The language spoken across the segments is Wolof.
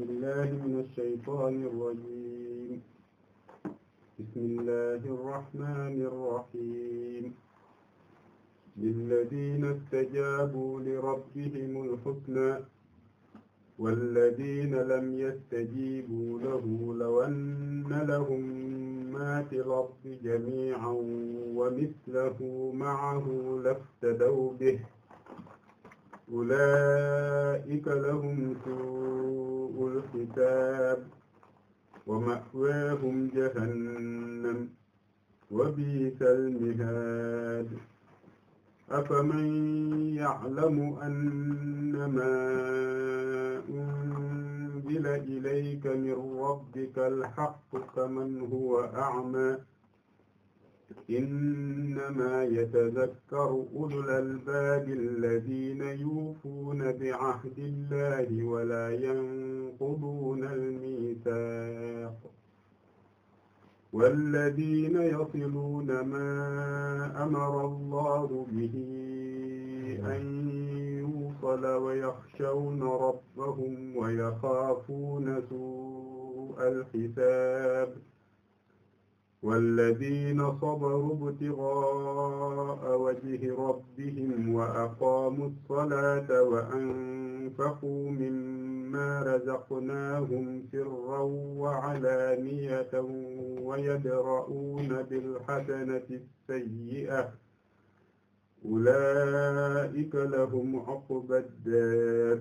بالله من الشيطان الرجيم بسم الله الرحمن الرحيم للذين استجابوا لربهم الحسنى والذين لم يستجيبوا له لو أن لهم ما في الأرض جميعا ومثله معه لافتدوا به ulaa'ika lahum suu'ul xisaab wa ma'waahum jahannam wa bi'sal mihaad afaman ya'lamu annamaa unzila ilayka min rabbika al-haqqu kaman huwa a'maa إنما يتذكر أولو الألباب الذين يوفون بعهد الله ولا ينقضون الميثاق والذين يصلون ما أمر الله به أن يوصل ويخشون ربهم ويخافون سوء الحساب والذين صبروا ابتغاء وجه ربهم وأقاموا الصلاة وأنفقوا مما رزقناهم سرا وعلانية ويدرؤون بالحسنة السيئة أولئك لهم عقبى الدار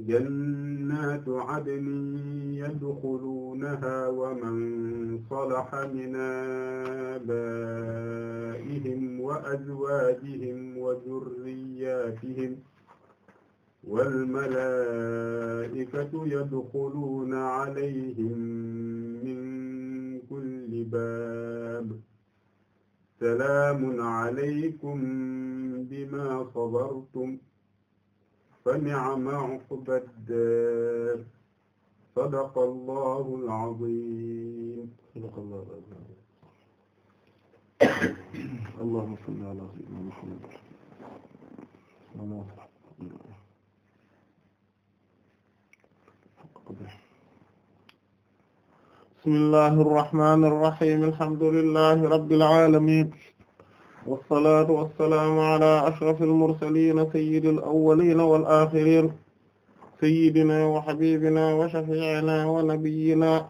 جنات عدن يدخلونها ومن صلح من آبائهم وأزواجهم وذرياتهم والملائكة يدخلون عليهم من كل باب سلام عليكم بما صبرتم fa ni'ma uqba ad-daar sadaqa allahu al-aziim sadaqa allahu al-aziim allahumma salli ala sayyidina muhammad bismillahi rahmaani rahiim alhamdulillahi rabbil aalamiin wasalaatu wasalaam ala ashrafil mursaliina sayyidil awwaliina wal aaxiriina sayyidinaa wa habiibinaa wa shafii'inaa wa nabiyyinaa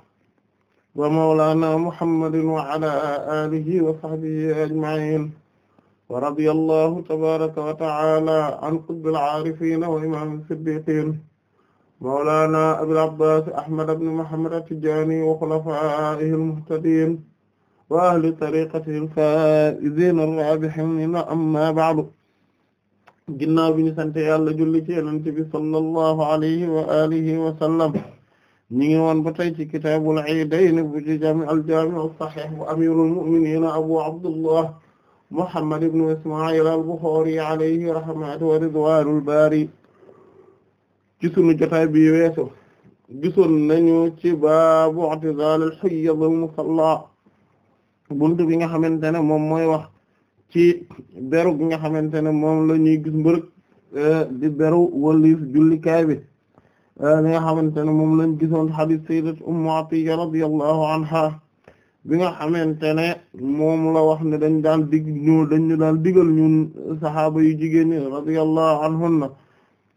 wa mawlaanaa muhammadin wa ala aalihi wa sahbihi ajma'iin wa radiyallaahu tabaaraka wa ta'aalaa an qutbil aarifiina wa imaamil siddiqiin mawlaanaa abil abbaas ahmad ibn muhammad at-tijaani wa xulafaa'ihil muhtadiin wa ahli tariqatihil faa'iziina raabihiina amma ba'du ginnaaw bi ñu sant yàlla julli ci yonent bi sallallahu alayhi wa alihi wa sallam ñu ngi woon ba tey ci kitaabul iidayni bu ci jaami al-jaami as-sahiih bu amiirul mu'miniina abu abdullah muhammad ibn isma'il al-buxaari alayhi rahmatu wa ridwaanul baari ci sunu jotaay bi weesu gisoon nañu ci baabu i'tizaal al-hayd wal musalla buntu bi nga xamante ne moom mooy wax ci beru bi nga xamante ne moom la ñuy gis mbërëg euh, di beru waliif jullikaay bi euh, li nga xamante ne moom lañ gisoon hadith sayyidat ummu atiya radiyallahu anha bi nga xamante ne moom la wax ne dañ daan dig ñu dañ ñu daan digal ñun saxaaba yu jigéen ñi radiyallahu anhunna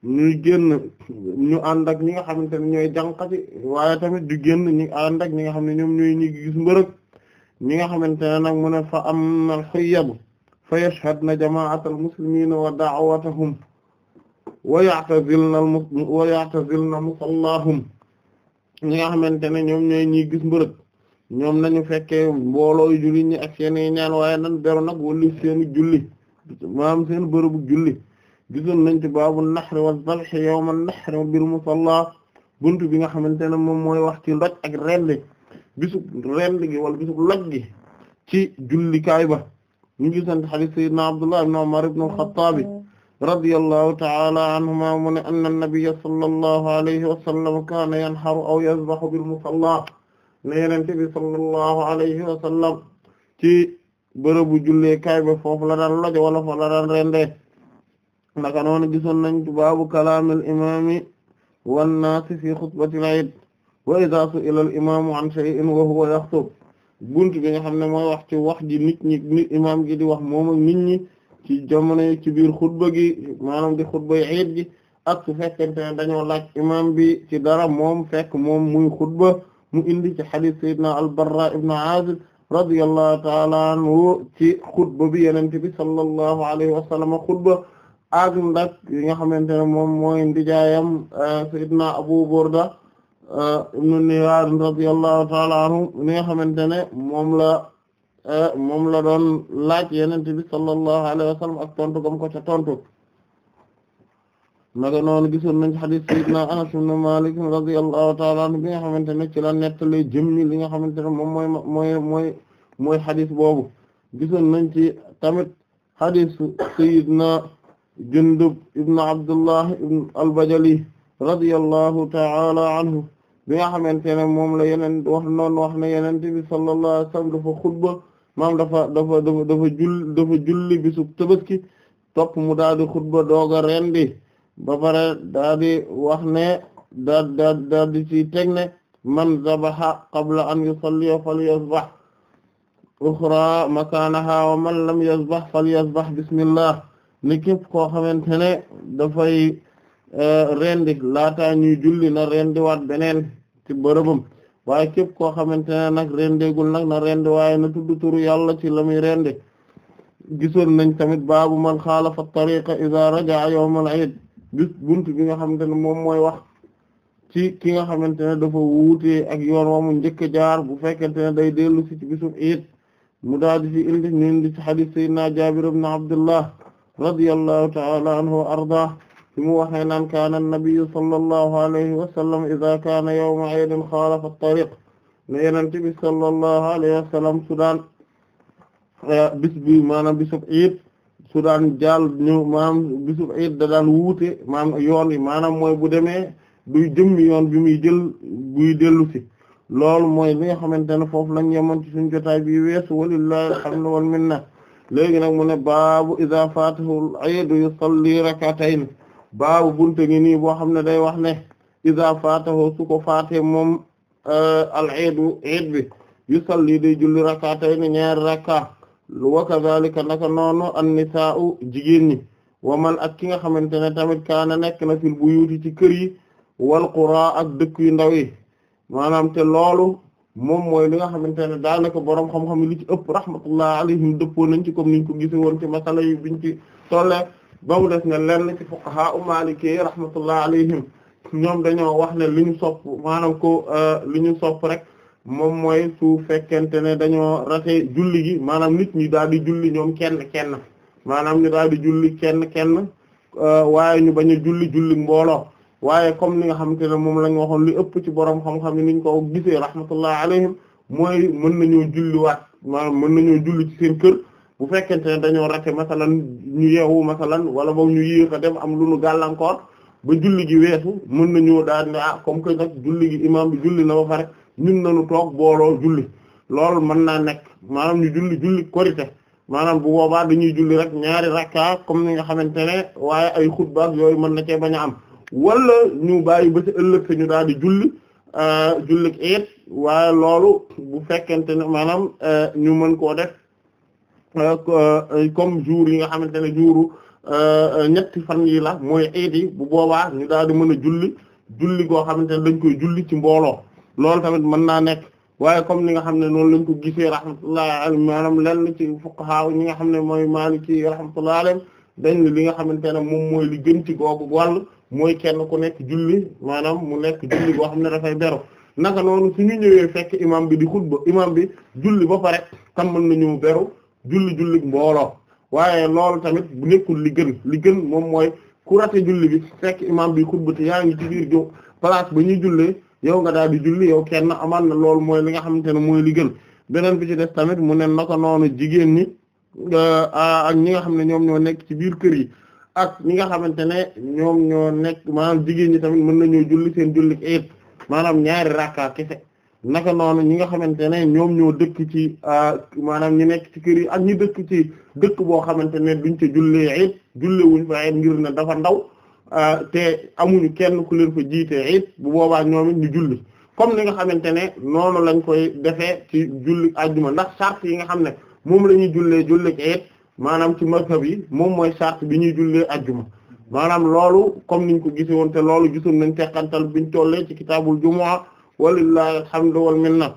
ñuy génn ñu ànd ak ñi nga xamante ne ñooy jànqati waaye tamit du génn ñu ànd ak ñi nga xam ne ñoom ñooy ñi gis mbërëg ñi nga xamante ne nag mu ne fa am al-huyyadu fa yashhadna jama'ata al-muslimina wa da'watahum wa ya'tazilna wa ya'tazilna musallahum ñi nga xamante ne ñoom ñooy ñiy gis mbërëg ñoom nañu fekkee mboolooy julli ñi ak seeni ñaan waaye nan beru nag wali seeni julli maam seen bërëbu julli gisoon nañ ci baabu naxri wa zabhi yawma naxri bil musalla buntu bi nga xamante ne moom mooy wax ci ndoj ak rendi bisub rend gi wala bisub loj gi ci jullikaay ba ñu ngi sant hadith sayyidina Abdullah ibn Umar ibn al-Khattab radiyallahu ta'ala anhuma mu ne anna an-nabiyya sallallahu alayhi wa sallam kaana yanharu aw yadhbahu bil musalla ne yenente bi sallallahu alayhi wa sallam ci bërëbu julleekaay ba foofu la daan lojo wala foofu la daan rendee naka noonu gisoon nañ baabu kalaamil imaami wan naasi fi xutbatil iid wa idha su'ila al imaamu an shay'in wa nga xam ne mooy wax ci wax ji nit ñi nit imaam gi di wax moom nit ñi ci jamono ci biir xutba gi maanaam di xutba yi eid ak su fekkente ne dañoo laaj imaam bi ci dara moom fekk moom muy xutba mu indi ci hadith sayyidina al-Barra ibn Azib radiyallahu ta'ala anhu ci xutba bi yonent bi sallallahu alayhi wa sallam xutba yi nga xamante ne moom mooy ndijaayam eh, sayyidina Abu Burda ibnu Niyaar radiyallahu ta'ala anhu nga xamante ne moom la eh, moom la doon laaj yeneen bi sallallahu alayhi wa ak tontu gam ko ca tontu naka noonu gisoon nañ xadis sayyidina Anas ibn Malik radiyallahu ta'ala anhu bi nga xamante ne ci la nettale jëm ñi li nga xamante ne moom mooy mooy mooy mooy xadis boobu gisoon nañ ci tamit xadis sayyidina Jundub ibn Abdullah ibn al-Bajali radiyallahu ta'ala anhu bi nga xamante ne moom la yeneen wax noonu wax na yeneen bi sallallahu alayhi wa sallam dafa xutba maam dafa dafa julli bisub tabaski topp mu daal di xutba doog a rendi ba wax ne daal daal daal di ci teg ne man zabaha qabla an yusalliya falyazbah ukhra makanaha wa man lam yazbah falyazbah bismillah ni képp koo xamante ne dafay Eh, rendi laata ñuy julli na rendiwaat beneen ci bërëbam waaye képp koo xamante ne nag rendegul nag na rendi waaye na tudd turu yàlla ci la muy rendi nañ tamit baabu man xaalafa tariqa iza rajaa yawmal iid bis bi nga xamante ne moom mooy wax ci ki nga xamante ne dafa wuutee ak yoon wa mu njëkk a jaar bu fekkente ne day dellu si ci bisum iid mu daadi fi indi ñu indi ci hadith sayyidina Jaabir ibn Abdullah radiyallahu ta'ala anhu wa arda fi mu waxee naan kaana nabiyu sallallahu alayhi wa sallam iza kaana yawma aydin xaalafa tariq ne yonent bi sallallahu alayhi wa sallam su daan eh, bi maanaam bisub iid su daan jàll ñëw maanaam bisub iid da daan wuute maanaam yoon yi maanaam mooy bu demee du jëmmi yoon bi muy jël buy dellu si loolu mooy li nga xamante ne foofu lañ yemoon ci suñu bi weesu walillahi alhamdu wal minna léegi nag mu ne baabu iza faatahu al iid yusalli rak'atayn baabu bunte ngi boo xam ne day wax ne iza faatahu su faate moom euh, al iidu iid bi yusalli day julli rakatay ne ñaari rakka wa kadhalika naka noonu an-nisaa'u jigéen ñi wa man ak ki nga xamante ne tamit kaana nekk na fil buyuuti ci kër yi wal quraa ak dëkk yu ndaw yi maanaam te loolu moom mooy li nga xamante ne daanaka boroom xam-xam li ci ëpp rahmatullah alayhim dëppoo nañ ci comme niñ ko gise woon ci masala yi biñ ci tolle ba mu des ne lenn ci fuqaha u maliki rahmatullah alayhim ñoom dañoo wax ne li ñu sopp maanaam ko euh, li ñu sopp rek moom mooy su fekkente ne dañoo rate julli gi maanaam nit ñi daal di julli ñoom kenn kenn maanaam ñu daal di julli kenn kenn euh, waaye ñu bañ a julli julli mbooloo waaye comme li nga xamante ne moom la ñu waxoon li ëpp ci borom xam-xam ni niñ ko gisee rahmatullah alayhim mooy mën nañoo julliwaat maanaam mën nañoo julli ci seen kër bu fekkente ne dañoo rate masalan ñu yeewu masalan wala boog ñu yéex dem am lu nu gàllankoor ba julli gi weesu mën ñëw daal ne ah comme que nag julli gi imam bi julli na ba pare ñun nañu toog booloo julli loolu mën naa nekk maanaam ñu julli julli maanaam bu boobaa dañuy julli rek ñaari rakka comme ni nga xamante ne waaye ay xutba yooyu mën na cee bañ a am wala ñu bàyyi ba ci ëllëg sa ñu daal di julli euh, julli eet waaye loolu bu fekkente ne maanaam euh, ñu mën koo def Euh, euh, comme jour yi nga xamante ne jouru euh, ñetti fan yi la mooy iid bu boobaa ñu daal di mën a julli julli goo xamante ne dañ koy julli ci mbooloo loolu tamit mën naa nekk waaye comme ni nga xam ne noonu lañ ko gisee rahmatullahi alayhi maanaam lenn ci fuqaha ñi nga xam ne mooy ci rahmatullahi alayhi dañ ne li nga xamante ne moom mooy li gën ci googu wàll mooy kenn ku nekk julli maanaam mu nekk julli goo xam ne dafay beru naka noonu suñu ñëwee fekk imam bi di xutba imam bi julli ba pare tam mën nañu beru julli julli mbooloo waaye loolu tamit bu nekkul li gën moom mooy ku rate julli bi fekk imam bi xutbati yaa ngi ci biir jo place ba ñuy jullee yow nga daal di julli yow kenn amaan na loolu mooy li nga xamante ne mooy li beneen bi ci des tamit mu ne naka noonu jigéen ñi euh, ak ñi nga xam ne ñoom ñoo nekk ci biir kër yi ak ñi nga xamante ne ñoom ñoo nekk maanaam jigéen ñi tamit mën nañoo julli seen julli eet maanaam ñaari rakka kese naka noonu ñi nga xamante ne ñoom ñoo dëkk ci maanaam ñi nekk ci kër yi ak ñi dëkk ci dëkk boo xamante ne duñ ca jullee it julle wuñ fa it ngir ne dafa ndaw te amuñu kenn ku leen jiite it bu boobaa ñoom it ñu julli comme ni nga xamante ne noonu lañ koy defee ci julli ajjuma ndax sart yi nga xam ne moom la ñuy jullee julli it maanaam ci mazhab yi moom mooy sart bi ñuy jullee ajjuma maanaam loolu comme niñ ko gise woon te loolu gisoon nañ teqantal biñ tollee ci kitaabul jumu'a walillahi alhamdu wal minna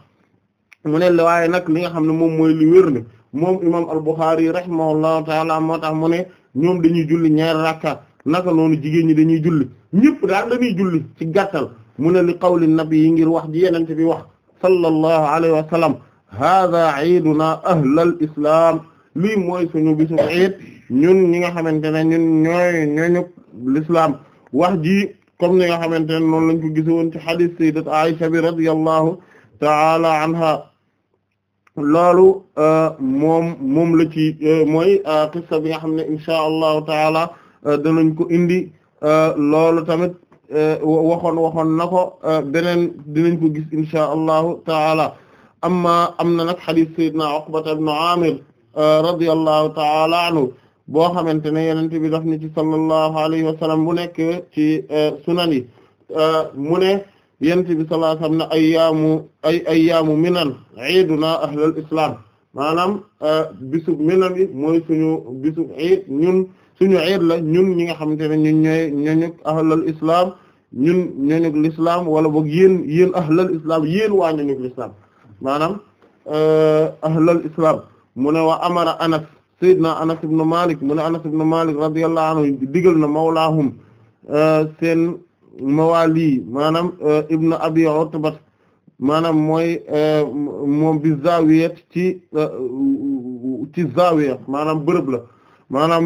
mu ne waaye nag li nga xam ne moom mooy li wér ne moom imam al-Bukhari rahimahullahu taala moo tax mu ne ñoom dañuy julli ñaari rakka naka noonu jigéen ñi dañuy julli ñëpp daal dañuy julli ci gàttal mu ne li qawli nabi yi ngir wax ji yenente bi wax sallallahu alayhi wa sallam hada iiduna ahlal islam lii mooy suñu bisu iid ñun ñi nga xamante ne ñun ñooy ñooñu l'islam wax ji comme ni nga xamante ne noonu lañ ko gis woon ci hadith sayyidat Aisha bi radiyallahu ta'ala anha loolu euh, moom moom la ci euh, mooy euh, qissa bi nga xam ne insha allahu taala danañ ko indi loolu tamit waxoon waxoon na ko beneen dinañ ko gis insha allahu taala amma am na nag na sayyidina Uqbata ibn Amir radiyallahu taala anhu boo xamante ne yenente bi daf ni ci sallallahu alayhi wa sallam bu nekk ci euh, sunan yi euh, mu ne yenente bi sallallahu alayhi wa sallam ne ayyaamu ay ayyaamu minan iiduna maanaam euh, bisub minan bi mooy suñu bisub iid ñun suñu iid la ñun ñi nga xamante ne ñun ñooy ñoñug ahlal islam ñun ñoñug wala boog yéen yéen ahlal islam yéen waa ñoñug maanaam ahlal islam mu ne waa amara anas Seydina Anas ibn Malik mu ne Anas ibn Malik radiyallahu anhu digal na mawlaahum euh, seen mawali maanaam euh, ibn Abi Utba maanaam mooy euh, moom bi zawiyat ci ci zawiya maanaam bërëb la maanaam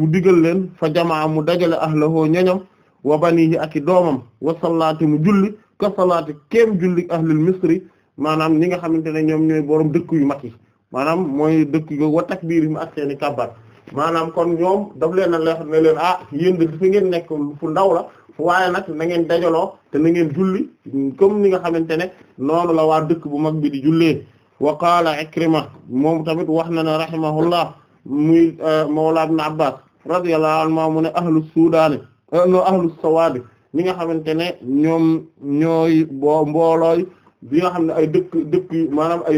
mu digal leen fa jamaa mu dajale ahlahu ñoñam wa banihi ak i doomam wa salaati mu julli ka salaati keem julli ahlul misri maanaam ñi nga xamante ne ñoom ñooy borom dëkk yu mag yi maanaam mooy dëkk yooyu wa takbiirihim ak seen i kabbar maanaam kon ñoom daf leen a leex leen ah yéen de ngeen nekk fu ndaw la waaye nag na ngeen dajaloo te na ngeen julli comme ni nga xamante ne noonu la waa dëkk bu mag bi di jullee wa qaala Ikrima moom tamit wax na ne rahimahullah muy eh, mawla ibn Abbas radiyallahu anhu mu ne ahlu suudaani eh, no ahlu sawaadi ñi nga xamante ne ñoom ñooy bo mboolooy bi nga xam ne ay dëkk dëkk maanaam ay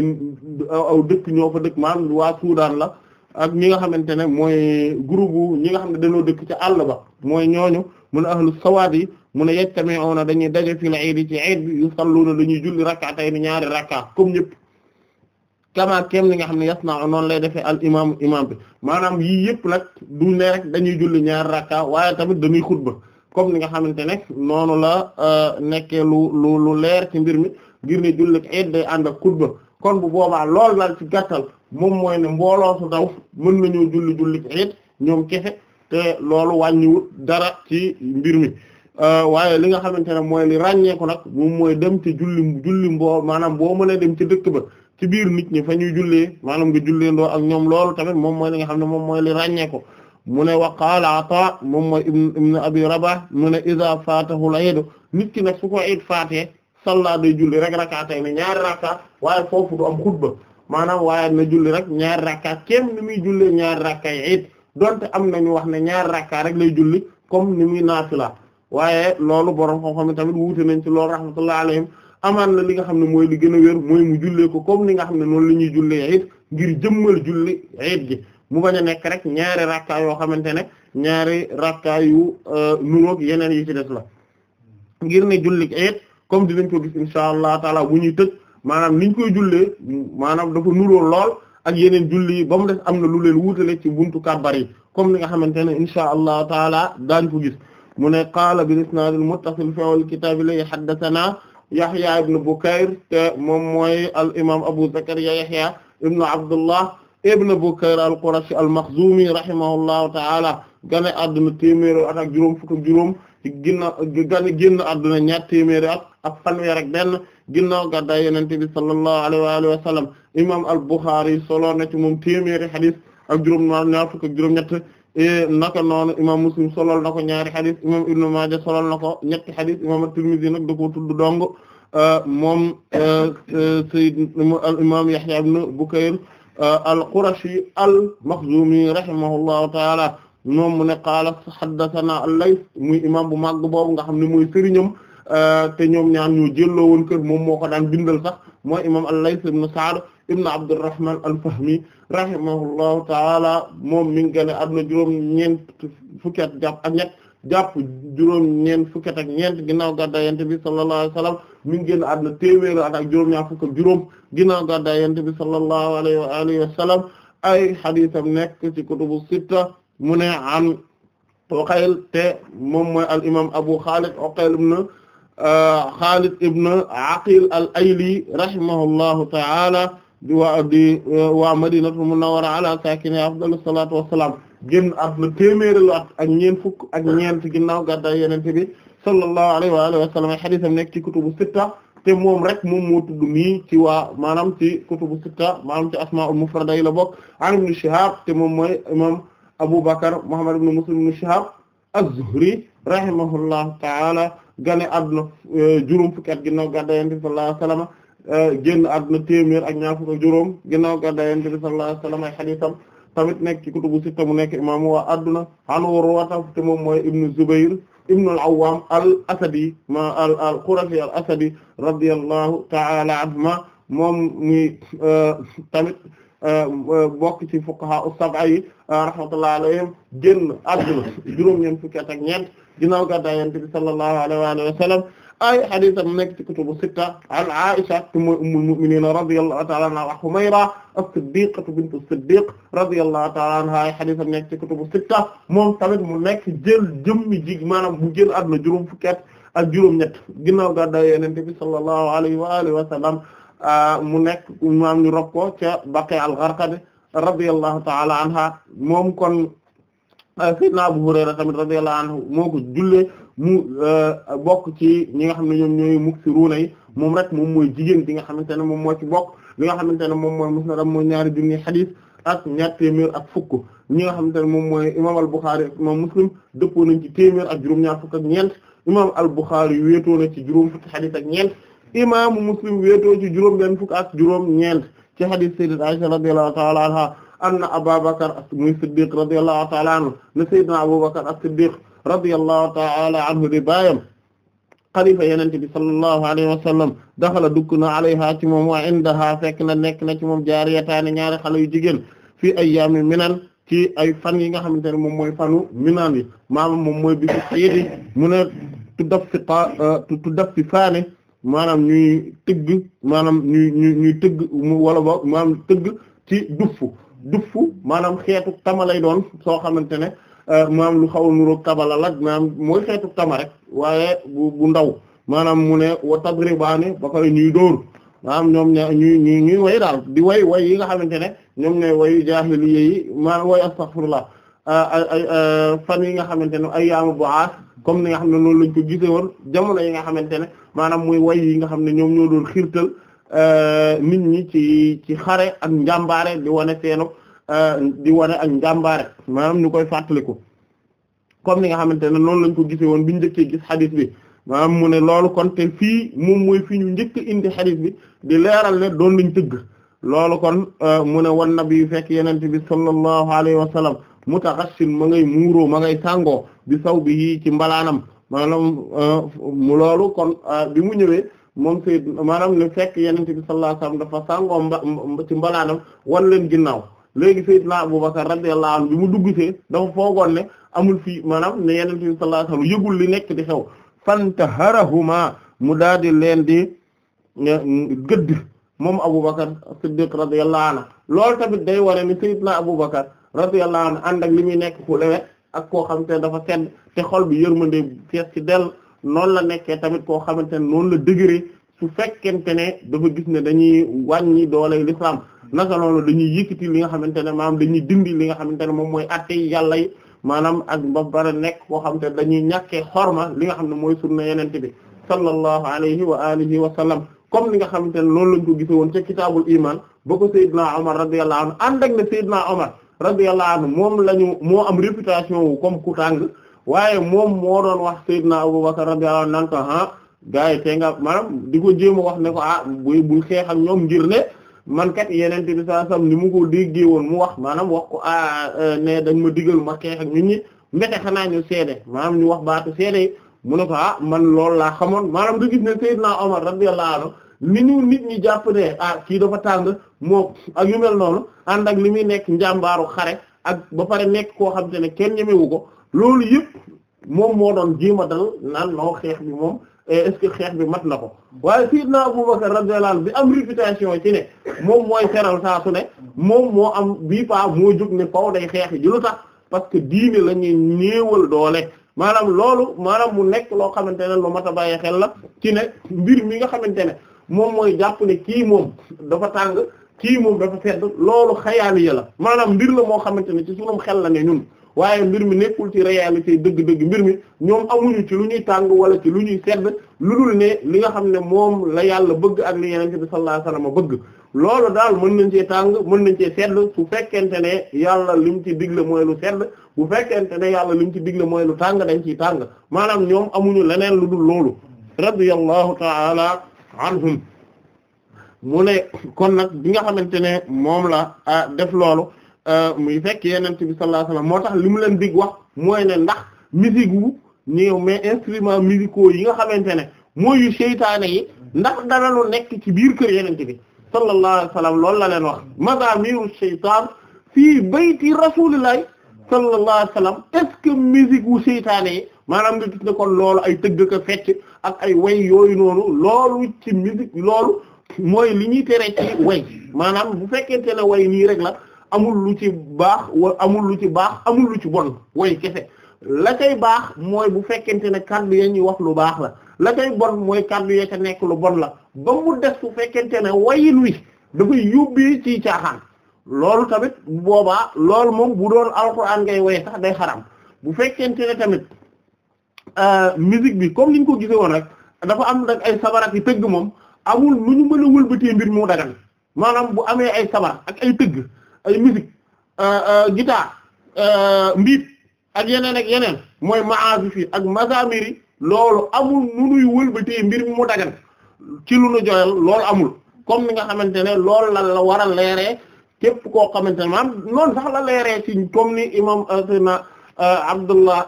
aw dëkk ñoo fa dëkk maanaam waa Soudan la ak ñi nga xamante ne mooy groupe ñi nga xam ne dañoo dëkk ca àll ba mooy ñooñu mun a ahlu sawaat yi a yajtami'una dañuy daje fii la iid ci iid bi yu salluna dañuy julli rak'atayn ñaari rakka comme ñëpp kama kem li nga xam ne yasna'u noonu lay defee al imam imam bi maanaam yii yëpp nag du ne rek dañuy julli ñaari rakka waaye tamit dañuy xutba comme ni nga xamante ne noonu la euh, nekkee lu lu lu leer ci mbir mi ngir ne jullit eid day ànd ak xutba kon bu boobaa loolu daal ci gàttal moom mooy ne mbooloo su daw mën na nañoo julli jullit eid ñoom kexe te loolu wàññiwut dara ci mbir mi euh, waaye li nga xamante ne mooy li ràññeeku nag moom mooy dem ci julli julli mboo maanaam boo mënee dem ci dëkk ba ci biir nit ñi fa ñuy jullee maanaam nga ak ñoom loolu tamit moom mooy li nga xam ne moom mooy li ràññeeku mu ne wa qaala Ataa moom mooy ibn abi Rabah mu ne iza faatahu al-iid nit ki nag su ko iid salla day julli rek rakkaatay ne ñaari rakkaat waaye foofu du am xutba maanaam waaye na julli rek ñaari rakkaat kéem ni muy jullee ñaari rakkaay it donte am nañu wax ne ñaari rakkaat rek lay julli comme ni muy naafila waaye loolu borom xam-xam tamit wuute nañ ci loolu rahmatullahi alayhim amaan na li nga xam ne mooy li gën a wér mooy mu jullee ko comme ni nga xam ne noonu la ñuy jullee it ngir jëmmal julli it gi mu bañ a nekk rek ñaari rakkaay yoo xamante ne ñaari rakkaay yu euh, nuroog yeneen yi ci des la ngir ne julli it comme dinañ ko gis insha allah taala bu ñuy tëj maanaam niñ koy jullee maanaam dafa nuroo lool ak yeneen julli ba mu def am na lu leen wuutale ci buntu kàbbar yi comme ni nga xamante ne insha allah taala daañ ko gis mu ne qaala bil isnaad al muttasil fi al kitaab li haddathana yahya ibn bukayr te moom mooy al imam abu zakariya yahya ibn abdullah ibn bukayr al qurashi al makhzumi rahimahullahu taala gane àdduna téeméeri at ak juróom fukk ak juróom ginna gane génn àdduna ñaar téeméeri at ak fanweer ak benn ginnaaw gàddaay yonent bi sallallahu alayhi wa alihi wa sallam imam al-Bukhari solo na ci moom téeméeri xadis ak juróom ñaar fukk e, naka noonu imam Muslim solol na ko ñaari xadis imam Ibn Maaja solol na ko ñetti xadis imam at-Tirmidhi nag da ko tudd dong e, moom e, sayyid al imam Yahya ibn Bukayr al-Qurashi al-Makhzumi rahimahullahu ta'ala moom mu ne qaala haddathana al-Layth muy imam bu màgg boobu nga xam ne mooy sëriñam euh, te ñoom ñaan ñoo jëlloo kër moom moo ko daan bindal sax mooy imam al-Layth ibn Sa'd ibn Abdurrahman al-Fahmi rahimahullahu ta'ala moom mi ngi gane àdduna juróom ñeent fukki ñett jàpp juróom ñeent fukki at ak ñeent ginnaaw gàddaay yonent bi sallallahu alayhi wa sallam mi ngi génn ak juróom ñaar fukk juróom ginnaaw gàddaay yonent bi sallallahu alayhi wa alihi wa sallam ay hadiisam nekk ci kutubu sitta mu ne an Uqayl te moom mooy al imam Abu Khalid Uqayl ibn Khalid euh, ibn Aqil al Ayli rahimahullahu ta'ala di waa di euh, waa Madinatul Munawwara ala saakini afdalu salaatu wa salaam génn àdduna téeméeri at ak ñeent fukk ak ñeent ginnaaw gàddaay Yonent bi sallallahu alayhi wa alihi wa sallam hadiisam nekk ci kutubu te moom rek moom moo tudd nii ci waa maanaam ci kutubu sitta maanaam ci asmaa'ul mufrada yi la bokk an Ibn Shihaab te moom Abu Bakr Muhammad ibn Muslim ibn Shihab az-Zuhri rahimahullahu ta'ala gane àdduna euh, juróom fukki at ginnaaw gàddaay Yonent bi sallallahu alayhi wa sallam euh, génn àdduna téeméer ak ñaar fukk ak juróom ginnaaw gàddaay Yonent bi sallallahu alayhi wa sallam ay hadiisam tamit nekk ci kutubu sitta mu nekk imaamu waa adduna an Urwata te moom mooy ibnu Zubayr ibnu al-Awwam al-Asadi ma al-Qurashi al-Asadi radiyallahu ta'ala anhuma moom mi euh, tamit Euh, euh, bokk ci fuqaha as-sab'a yi euh, rahmatullahi alayhim génn adduna juróom-ñeent fukki at ak ñeent ginnaaw gàddaay Yonent bi sallallahu alayhi wa sallam ay hadisam nekk ci kutubu sitta an Aisha umm-, ummul mu'minina radiyallahu ta'ala anha wa Humayra as-siddiqatu bintu as-siddiq radiyallahu ta'ala anha ay hadisam nekk ci kutubu sitta moom tamit mu nekk jël jëmmi jig maanaam mu génn adduna juróom fukki at ak juróom-ñett ginnaaw gàddaay Yonent bi sallallahu alayhi wa alihi wa sallam Euh, mu nekk maam ñu rob ko ca Baqi al-Gharqad radiyallahu ta'ala anha moom kon euh, sayyidina Abu Hurayra tamit radiyallahu anhu moo ko jullee mu euh, bokk ci ñi nga xam ne ñoom ñooy muksiruuna yi moom rek moom mooy jigéen bi nga xamante ne moom moo ci bokk li nga xamante ne moom mooy musnad am mooy ñaari junni xadis ak ñaar téeméer ak fukk ñi nga xamante ne moom mooy imaam al-Bukhari ak imaam Muslim dëppoo nañ ci téeméer ak juróom-ñaar fukk ak ñeent imaam al-Bukhari wéetoo na ci juróom fukki ak ñeent imaamu muslim wéetoo juróom benn fukk ak juróom ñeent ci hadith sayyidat Aisha radiyallahu ta'ala anha anna Ababakar muy Siddiq radiyallahu ta'ala anhu ne sayyidina Abubakar as-Siddiq radiyallahu ta'ala anhu di baayam xalifa Yonent bi sallallahu alayhi wa sallam daxala dugg na alayha ci moom wa indaha fekk na nekk na ci moom jaariyataani ñaari xale yu jigéen fii ayyaami Minan ci ay fan yi nga xamante ne moom mooy fanu Minan yi maanaam bisu xiidi mu ne tudaffiqa tudaffifaani maanaam ñuy tëgg maanaam ñuy ñuy ñuy tëgg wala ba maanaam tëgg ci duff duff maanaam xeetu tama lay doon soo xamante ne euh, maam lu xaw a niróo kabala la maanaam mooy xeetu tama rek waaye bu ndaw maanaam mu ne wa tadribaani ba pare ñuy dóor maanaam ñoom ña ñuy ñuy ñuy way daal di way wayi nga xamante ne ñoom ñooy wayu jaahiliyya yi maanaam way astaghfirullah ay ay fan yi nga xamante ne ay yaamu bu aas comme ni nga xam ne noonu lañ ko gisee woon jamono yi nga xamante ne. maanaam muy way yi nga xam ne ñoom ñoo doon xiirtal euh, nit ñi ci ci xare ak njàmbaare di wane seenu euh, di wane ak njàmbaare maanaam ñu koy fàttaliku comme ni nga xamante ne noonu lañ ko gisee woon bi njëkkee gis xadis bi maanaam mu ne loolu kon te fii moom mooy fii ñu njëkk indi xadis bi di leeral ne doon lañ tëgg loolu kon euh, mu ne wan nabi yu fekk yenente bi sallallahu alayhi wa mu mutaxassin ma ngay muuroo ma sàngoo bi saw bi yii ci mbalaanam maanaam euh, mu loolu kon euh, bi mu ñëwee moom sayd maanaam ne fekk yenente bi sallallahu dafa sàngoo mba ci mbalaanam wan leen ginnaaw léegi sayyidna Abubakar radiyallahu anhu bi mu duggsee dafa foogoon ne amul fii maanaam ne yenente bi sallallahu yëgul li nekk di xew fantaharahuma mu daal di leen di gëdd moom Abubakar Siddiq radiyallahu anhu loolu tamit day ware ni sayyidna Abubakar radiyallahu anhu ànd ak li muy nekk ku lewet ak ko xamante ne dafa sedd te xol bi yërmande fees ci dell noonu la nekkee tamit koo xamante ne noonu la dëgëre su fekkente ne dafa gis ne dañuy wàññi dooley lislaam naka noonu dañuy yëkkati li nga xamante ne maanaam dañuy dindi li nga xamante ne moom mooy atte yàlla yi maanaam ak ba bara nekk koo xam ne dañuy ñàkkee xorma li nga xam ne mooy sunna yenente bi sallallahu alayhi wa alihi wa sallam comme li nga xamante ne loolu lañ ko gise woon ca kitaabul iman ba ko Seydina Omar radiyallahu anhu ànd ak ne Seydina radiyallahu anhu moom la ñu moo am réputation wu comme ku waaye moom moo doon wax Seydina Abubakar radiyallahu anhu naan ko ah gars yi tey nga maanaam di ko jéem a wax ne ko ah buy buy ak ñoom ngir ne man kat yeneen bi saa sam ni mu ko déggee woon mu wax maanaam wax ko ah, euh, dañ ma digal ma xeex ak nit ñi mbete xanaa ñu seede maanaam ñu wax baatu seede mu ne ko a ah, man loolu laa xamoon maanaam du gis ne Seydina Omar radiyallahu anhu ni ñu nit ñi jàpp ne ah kii dafa tàng moo ak yu mel noonu ànd ak li muy nekk njàmbaaru xare ak ba pare nekk koo xam te ne kenn ñemewu ko loolu yëpp moom moo doon jéem a dal naan noo xeex bi moom eh, est ce xeex bi mat na ko waaye Sayyidna Abubakar radiyallahu anhu bi am réputation ci ne moom mooy feral saa ne moom moo am bii paa moo jóg ne faw day xeex ji lu tax parce que diine la ñuy néewal doole maanaam loolu maanaam mu nekk loo xamante ne lu mat a bàyyi xel la ci ne mbir mi nga xamante ne moom mooy jàpp ne kii moom dafa tàng kii moom dafa sedd loolu xayaali ya la maanaam mbir la moo xamante ne ci sunum xel la ne ñun waaye mbir mi nekkul ci réalité dëgg-dëgg mbir mi ñoom amuñu ci lu ñuy tàng wala ci lu ñuy sedd lu dul ne li nga xam ne moom la yàlla bëgg ak li yeneen bi sallallahu alayhi wasallam bëgg loolu daal mën nañ cee tàng mën nañ cee sedd su fekkente ne yàlla lim ci digle mooy lu sedd bu fekkente ne yàlla lim ci digle mooy lu tàng dañ ciy tàng maanaam ñoom amuñu leneen lu dul loolu anhum mu ne kon nag bi nga xamante ne moom la def loolu muy fekk yenente bi sallallahu alayhi wasallam moo tax li mu leen dig wax mooy ne ndax musique wu ñëw mais instruments musicaux yi nga xamante ne mooy yu yi ndax dara lu nekk ci biir kër yenente bi sallallahu alayhi wasallam loolu la leen wax mazamiru shaytan fii bayti rasulillahi sallallahu alayhi wa sallam est musique wu seytaane yi maanaam nga gis ne kon loolu ay tëgg ka fecc ak ay way yooyu noonu loolu ci musique loolu mooy li ñuy tere ci way maanaam bu fekkente ne way nii rek la amul lu ci baax wa amul lu ci baax amul lu ci bon woy kese la kay baax mooy bu fekkente ne kàddu ya ñuy wax lu baax la la kay bon mooy kàddu ya ca nekk lu bon la ba mu des bu fekkente ne wayin wi dafay yóbbee ci caaxaan loolu tamit bu boobaa loolu moom bu doon alxuraan ngay woy sax day xaram bu fekkente ne tamit euh, musique bi comme ni ko gisee woon dafa am nag ay sabar ak i moom amul lu ñu mën a mbir mu dagan maanaam bu amee ay sabar ak ay tëgg ay musique euh, euh, guitare mbiit ak yeneen ak yeneen mooy maasi fi ak mazamiri loolu amul nu nuy wëlbatee mbir mu dagan ci lu nu loolu amul comme ni nga xamante ne loolu la la war leeree képp koo xamante ne maanaam noonu sax la leeree ci comme ni imam euh, Seydina euh, Abdullah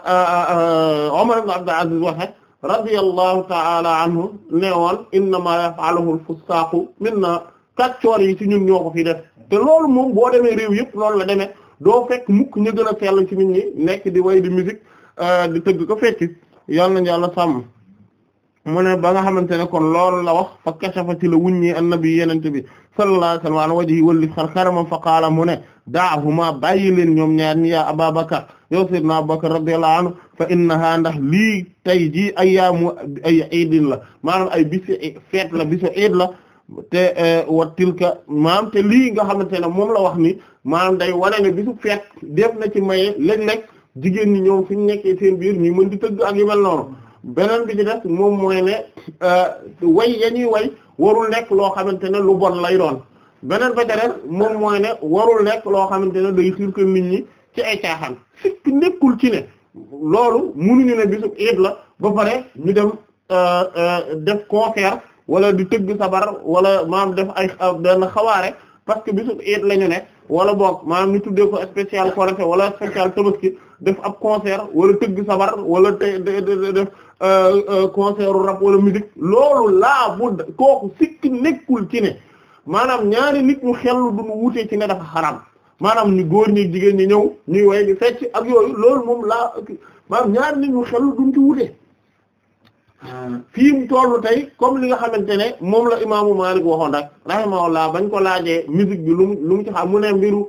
Umar euh, ibn Abdul Aziz waxe radiyallahu ta'ala anhu ne woon innama yaf'aluhu al-fussaqu minna kàccoor yi ci ñun ñoo ko fi def te loolu moom boo demee réew yëpp loolu la demee doo fekk mukk ñu gën a sell ci nit ñi nekk di way di musique di tëgg ko fecc yàlla nañu yàlla sàmm mu ne ba nga xamante ne kon lool la wax fa kashafa ci la wuññi annabi yenente bi sallallahu alayhi wa sallam an wajhi wallif xar xaramam fa qaala mu ne daahuma bàyyi ñoom ñaar ñi yaa ababakar yow sayyidna abubakar radiyallahu anhu fa innaha ndax lii tay ji ayyaamu ay iidin la maanaam ay bisu feet la bisu iid la te eh, wa tilka maanaam te lii nga xamante ne moom la wax ni maanaam day wane ne bisu feet def na ci maye léeg-léeg jigéen ñi ñoom fi ñu nekkee seen biir ñu mën di tëgg ak yu mel beneen bi ci des moom mooy ne euh, way ya ñuy way warul nekk loo xamante ne lu bon lay doon beneen ba ca des moom mooy ne warul nekk loo xamante ne day surkal nit ñi ci ay caaxaan surtout nekkul ci ne loolu munuñu ne bisu iid la ba pare ñu dem euh, euh, def concert wala di tëgg sabar wala maam def ay benn xawaare parce que bisu iid la ñu ne wala boog maanaam ñu tuddee ko spécial Korité wala spécial ki def ab concert wala tëgg sabar wala def Euh, euh, concert rap wala musique loolu laa budda kooku sikki nekkul ci ne maanaam ñaari nit ñu xellu duñu wute ci ne dafa xaram maanaam ñu góor ñi jigéen ñi ñëw ñuy way di fecc ak yooyu loolu moom laa maanaam ñaari nit ñu xellu duñ ci wute ah. fii mu tollu tey comme li nga xamante ne moom la imaamu Maalik waxoon rek rahimahullah bañ ko laajee musique bi lu mu lu mu ci xam mu ne mbiru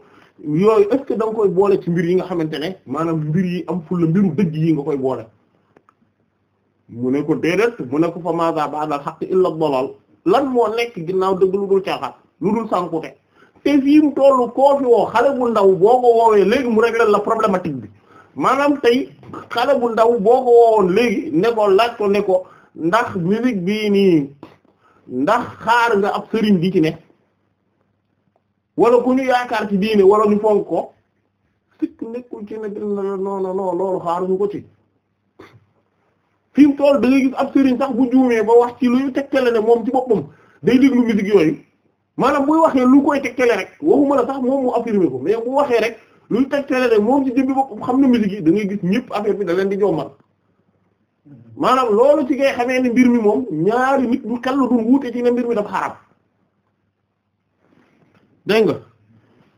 yooyu est ce da koy boole ci mbir yi nga xamante ne maanaam mbir yi am fulla mbiru dëgg yi nga koy boole mu ne ko déedéet mu ne ko fa maza ba'dal haqqi illa dalal lan moo nekk ginnaaw dëgg lu dul caaxaan lu dul sànkute te fii mu tollu koo fi woo xale bu ndaw boo ko woowee léegi mu régler la problématique bi maanaam tey xale bu ndaw boo ko woowoon léegi ne ko laaj ko ne ko ndax musique bii nii ndax xaar nga ab sëriñ di ci ne wala ku ñu yaakaar ci diine wala ñu fonk ko sikk nekkul ci ne dina la non loolu xaaruñu ko ci fi mu toll da ngay gis ab sax bu juumee ba wax ci luy tegtale ne moom ci boppam day déglu musique yooyu maanaam buy waxee lu koy tegtale rek waxuma la sax moom mu affirmé ko mais bu waxee rek luy tegtale rek moom ci jëmbi boppam xam na musique yi da gis ñëpp affaire bi da leen di jommal maanaam loolu ci ngay xamee ne mbir mi moom ñaari nit ñu kàll du wuute ci ne mbir mi dafa xaram dégg nga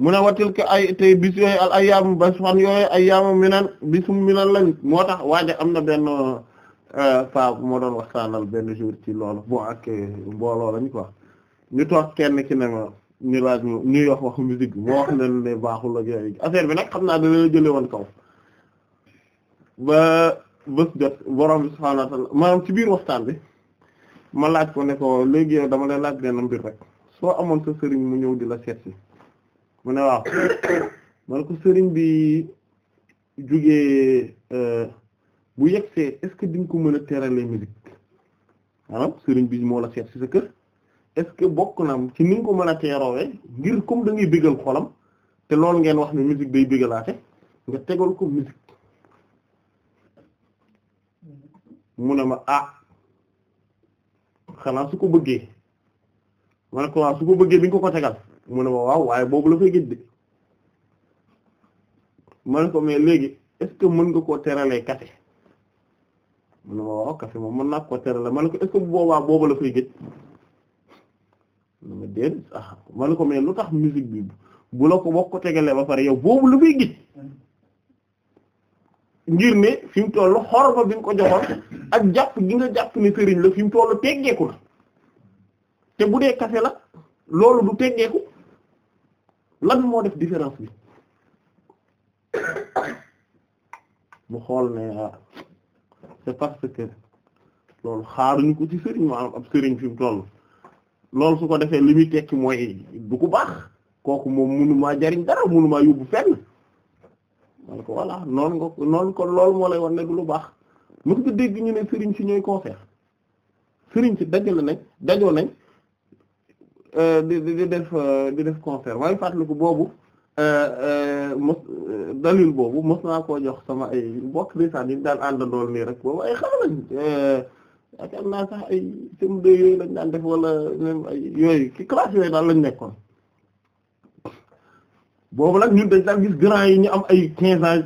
mu ne watil ay tey bis yooyu al ayyaam bas fan yooyu ayyaam minan bisum minan lañ moo tax waaja am na benn fa euh, moo doon waxtaanal benn jour ci loolu boo ak euh, mbooloo lañ ko ñu toog kenn ki ne ñu laaj ma ñuy wax waxu musique bi moo wax ne baaxul a yooyu affaire bi nag xam naa dana jële woon kaw ba bés jot borom bi subhaanahu wa ta'aala maanaam ci biir waxtaan bi ma laaj ko ne ko léegi yow dama lay laaj benn mbir rek soo amoon sa sëriñ mu ñëw di la seet si mu ne waaw man ko sëriñ bi jugee euh, bu yegsee est-ce que di ko mën a terale musique maanaam ah, sëriñ bi moo la seet ci sa kër est-ce que bokk na ci ni nga ko mën a teeroowee ngir comme da ngay bégal xolam te loolu ngeen wax ne musique day bégalaate nga tegal ko musique mu ne ma ah xanaa su ko bëggee ma ne ko waaw su ko bëggee bi nga ko ko tegal mu ne ma waaw waaye boobu la fay gédde ma ne ko mais léegi est-ce que mën nga koo teralee kate mu ne ma waaw mën naa ko tere la man ne ko est-ce que bu boobaa booba la fay gëj ma déet ah ko mais lu tax musique bi bu la ko bokk ko tegalee ba pare yow boobu la fay gëj ngir ne fi mu toll xorba bi nga ko joxoon ak jàpp gi nga jàpp ne sëriñ la fi mu toll teggeeku la te bu dee café la loolu du teggeeku lan moo def différence bi mu xool ne ah, c'est parce que loolu xaar xaaruñu ko ci sëriñ ma ab sëriñ fi mu toll loolu su ko defee li muy tekki mooy bu ko baax kooku moom mënumaa jariñ dara mënumaa yóbbu fenn man ko voilà noonu nga noonu kon loolu moo lay war ne du lu baax mës ko dégg ñu ne sëriñ si ñooy concert sëriñ si dajale nañ dajoo nañ euh, di di def euh, di def concert waaye fàttali ko boobu Euh, euh, mos euh, dalil boobu mos naa koo jox sama ay mbokk risan yi daan àndandool nii rek boobu ay xale lañ ay CM2 yooyu lañ daan def wala yooyu ki classe yooyu daal lañ nekkoon boobu nag ñun dañ daan gis grand yi ñu am ay quinze ans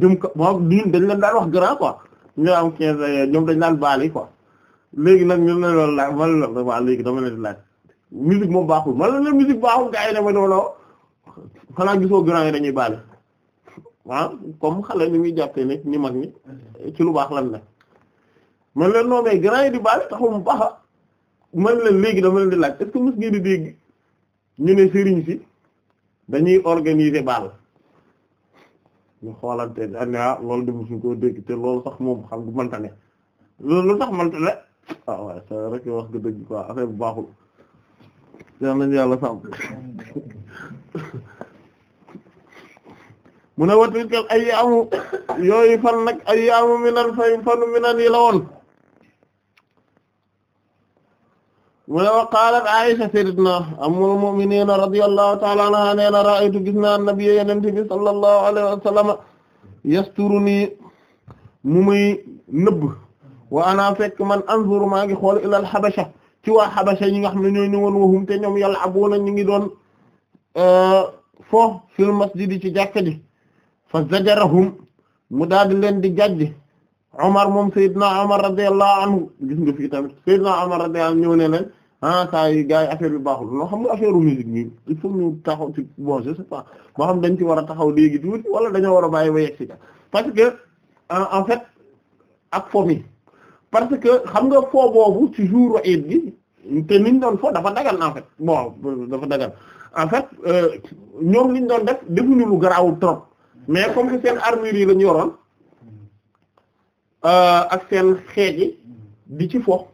jëm ko ñun dañ leen daan wax grand quoi ñu am quinze ans ñoom dañ daan baali quoi léegi nag ñun ne lool laaj man la waa léegi dama leen laaj musique moom baaxul man la musique baaxul gars yi ne ma dooloo xanaa gisoo grand yi dañuy baale ah comme xale ni muy jàppee ne ni mag ni ci lu baax lan la man leen noo mais grand yi di baale taxul mu baax man leen léegi dama leen di laaj est-ce di dégg ne sëriñ si dañuy organiser baal ñu xoolante ah, loolu de mosuñ koo dégg te loolu sax moom xam du mënta ne loolu sax mënta ne ah waaye sa rek wax nga dëgg ko affaire bu baaxul yal nañu yàlla sàmm mu ne wa tilkal ayyaamu yooyu fan nag ayyaamu minan fay fanu minan yi la woon mu ne wa qaalat Aisha sayyidatuna ummul mu'minin radiyallahu ta'ala anha nee na ra'aytu gis naa nabiyya yenente bi sallallahu alayhi wa sallam yasturu nii mu muy nëbb wa ana fekk man anzuru maa ngi xool ilal habasha ci waa habasha ñi nga xam ne ñoo ñu woon wahum te ñoom yal'abuna ñu ngi doon uh, fo fil masjid ci jàkka ji fa zajarahum mu daal di leen di jàjj Omar moom Seydina Omar radiyallahu anhu gis nga fii tamit Seydina Omar radiyallahu ñëw ne leen ah saa yu gars yi affaire bi baaxul noo xam nga affaire musique bi il faut ñu taxaw ci bon je sais pas moo xam dañ ci war a taxaw léegi tuuti wala dañoo war a bàyyi ba yegg si parce que en fait ak fo mi parce que xam nga fo boobu ci jour eid bi te niñ doon fo dafa dagal en fait bon dafa dagal en fait euh, ñoom liñ doon def defuñu lu garaaw trop. mais comme que seen armure yi lañu yoroon euh, ak seen xeej yi di ci fo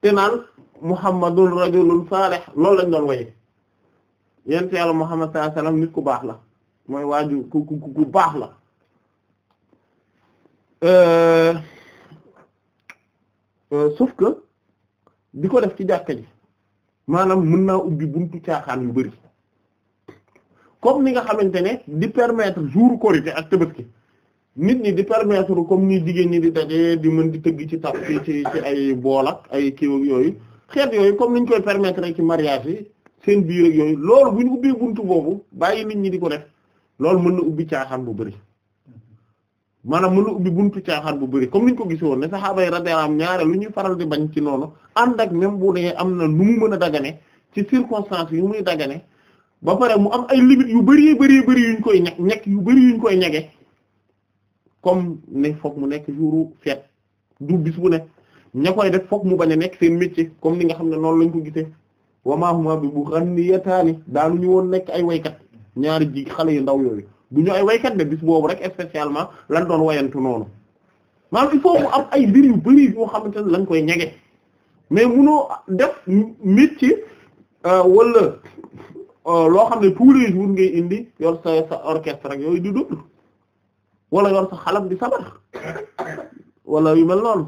te naan muhammadun rajulun salih loolu lañ doon woye yent yàlla muhammad sallallahu alayhi wasallam nit ku baax la mooy waaju ku ku ku baax la euh, euh, sauf que di ko def ci jàkka ji maanaam mën naa ubbi buntu caaxaan yu bari comme ni nga xamante ne di permettre jour korité ak Tabaski nit ñi di permettre comme ni jigéen ñi di dajee di mën di tëgg ci tab ci ci ay bool ay kiiwag yooyu xeet yooyu comme niñ koy permettre ci mariage yi seen biir ak yooyu loolu bu ñu ubbee buntu boobu bàyyi nit ñi di ko def loolu mën na ubbi caaxaan bu bëri maanaam mën na ubbi buntu caaxaan bu bari comme niñ ko gis woon ne saxaaba yi radiyallahu anhum ñaare lu ñuy faral di bañ ci noonu ànd ak même bu dee am na nu mu mën a dagane ci circonstances yu muy dagane ba pare mu am ay limites yu bari bari bari yuñ koy ñeg ñekk yu bari yuñ koy ñege comme ne fokk mu nekk jouru fête du bis bu ne ña koy def fokk mu bañ a nekk seen métier comme ni nga xam ne noonu lañ ko gisee wamaahuma bi bu xam ni yataani daanuñu woon nekk ay waykat ñaari ji xale yu ndaw yooyu bu ñu ay waykat ne bis boobu rek spécialement lan doon wayantu noonu maanaam il faut mu am ay mbir yu bari yoo xamante ne lañ koy ñege mais munoo def métier euh, wala Euh, loo xam ne tous les jours ngay indi yor sa sa orchestre ak yooyu di dund wala yor sa di sabar wala yu mel noonu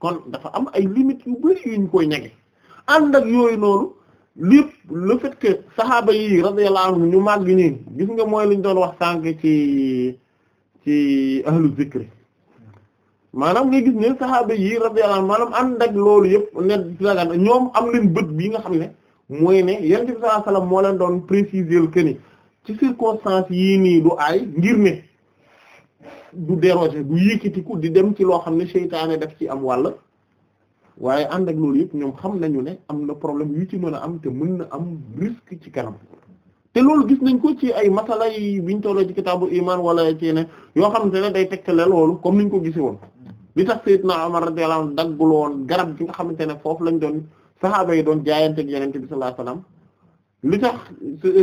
kon dafa am ay limites yu bari yuñ koy ñage ànd ak yooyu noonu lépp le fait saxaaba yi radiyallahu anhum ñu màgg ñi gis nga mooy liñ doon wax sànq ci ci ahlu zikri maanaam ngay gis ne saxaaba yi radiyallahu anhum maanaam ànd ak loolu yëpp ne dagan ñoom am leen bët bii nga xam ne mooy ne yonent bi sallallahu moo leen doon préciser que ni ci circonstances yii nii du aay ngir ne du déroger du yëkkatiku di dem ci loo xam ne seytaane def ci am wàll waaye ànd ak loolu yi ñoom xam nañu ne am na problème yu ci mën a am te mën na am risque ci kanam te loolu gis nañ ko ci ay masala yi biñ tolloo ci kitaabu iman wala ci ne yoo xam ne day tegtale loolu comme niñ ko gisee woon li tax Seydina Umar radiyallahu anhu dagguloon garab gi nga xamante ne foofu lañ doon. saxaaba yi doon jaayante ak Yonent bi sallallahu alayhi wasallam li tax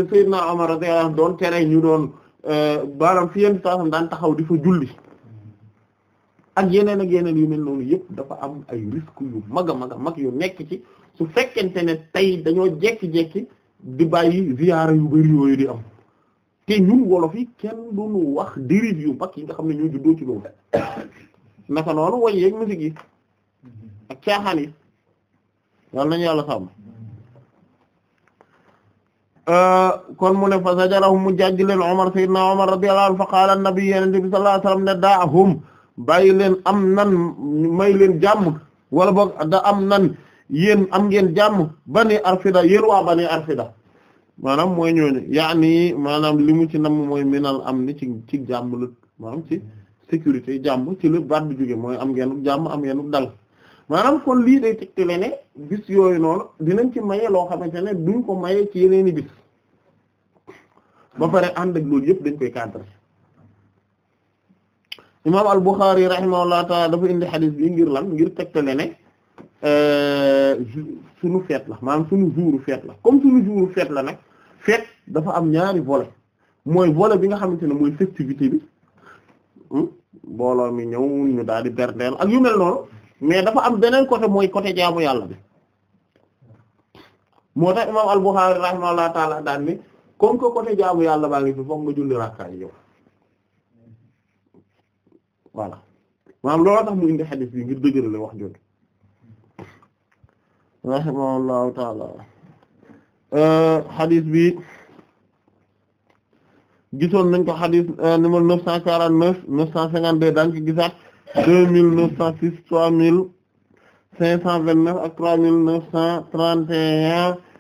Seydina Omar radiyallahu anhu doon tere ñu doon euh, baram fi Yonent sallallahu daan taxaw di fa julli ak yeneen ak yeneen yu mel noonu yëpp dafa am ay risque yu mag a mag mag yu nekk ci su fekkente ne tey dañoo jekki-jekki di bàyyi ziyaara yu bari yooyu di am te ñun wolof kenn duñu wax dérive yu mag yi nga xam ne ñoo juddoo ci loolu naka noonu way yeeg musique yi ak yàlla nañu yàlla sàmm euh, kon mu ne fa zajarahu mu jàjj leen Umar sayyidina Umar radiyallahu anhu fa qaala an-nabi yenente bi ne daahum bàyyi leen am nan may leen jàmm wala boog da am nan yéen am ngeen jàmm bane arfida yéen waa arfida maanaam mooy ñooñu yaani maanaam li mu ci nam mooy minal am ni ci ci jàmm la ci sécurité jàmm ci la baat bi jóge mooy am ngeen jàmm am ngeen dal maanam kon lii de tegtale ne bis yooyu noonu dinañ ci maye loo xamante ne duñ ko maye ci yeneeni bis ba pare ànd ak loolu yëpp dañ koy cadre imaam al-Bukhari rahimahullah taala dafa indi xadis bi ngir lan ngir tegtale ne euh, sunu feet la maanaam suñu jouru feet la comme suñu jouru feet la nag feet dafa am ñaari volet mooy volet bi nga xamante ne mooy festivité bi hmm? mbooloo mi ñëw ñu daal di berndeel ak yu mel noonu mais dafa am beneen côté mooy côté jaamu yàlla bi moo tax imam al-Bukhârî rahimahullah taala daan ni comme que côté jaamu yàlla baa ngi fi foog nga julli rakkaa yi yow voilà maanaam looloo tax mu indi xadis bi ngir dëgërale wax jooju rahimahullahu taala euh, xadis bi gisoon nañ ko xadis euh, numéro neuf cent quarante neuf neuf cent cinquante deux daañ ko gisaat deux mille neuf cent six trois mille cinq cent vingt neuf ak trois mille neuf cent trente et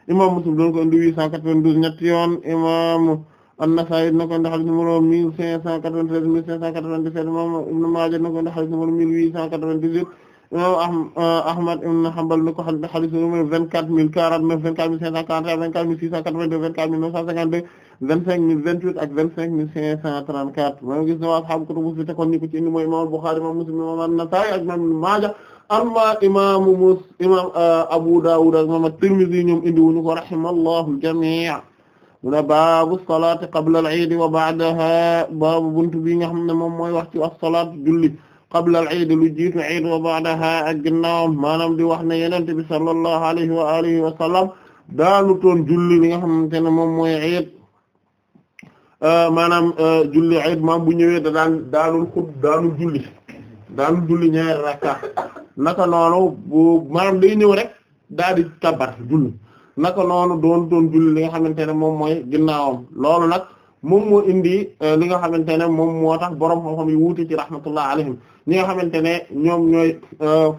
imam Muslim doon huit cent quatre-vingt-douze ñetti yoon imam An-Nasa'i na ko indi hadith numéro mille cinq cent quatre-vingt-treize mille cinq cent quatre-vingt-dix-sept imam Ibn Maaja na ko huit cent quatre-vingt-dix-huit imam euh, Ahmad ibn Hanbal na ko hadith numéro vingt-quatre mille quarante-neuf vingt-quatre mille cinq cent quarante et vingt-quatre mille six cent quatre vingt vingt cinq mille vingt huit ak vingt cinq mille cinq cent trente quatre maa ngi gis ne waa ashaabu kutubu sitta kon ni ko ci indi mooy imaam Buxaari imaam Muslim imaam An-Nasaa'i ak imaam Ibn Maaja amma imaamu mus imaam uh, Abu Daawud ak imaam At-Tirmidhi ñoom indi wuñu ko rahimallahu al-jamii' mu ne baabu salaati qabla al-iid wa ba'daha baabu buntu bi nga xam ne moom mooy wax ci wax salaat julli qabla al-iid lu jiitu iid wa ba'daha ak ginnaawam maanaam di wax ne Yonent bi sallallahu alayhi wa alihi wa sallam daanu toon julli li nga xamante ne moom mooy iid Euh, maanaam euh, julli ayit maam bu ñëwee da daan daanul xut daanul julli daanul julli ñaari rakka naka noonu bu maanaam day ñëw rek daal di tabar julli naka noonu doon doon julli li nga xamante ne moom mooy ginnaawam loolu nag moom moo indi euh, li nga xamante ne moom moo tax borom xam-xam yi wuute ci rahmatullah alayhim ñi nga xamante ne ñoom ñooy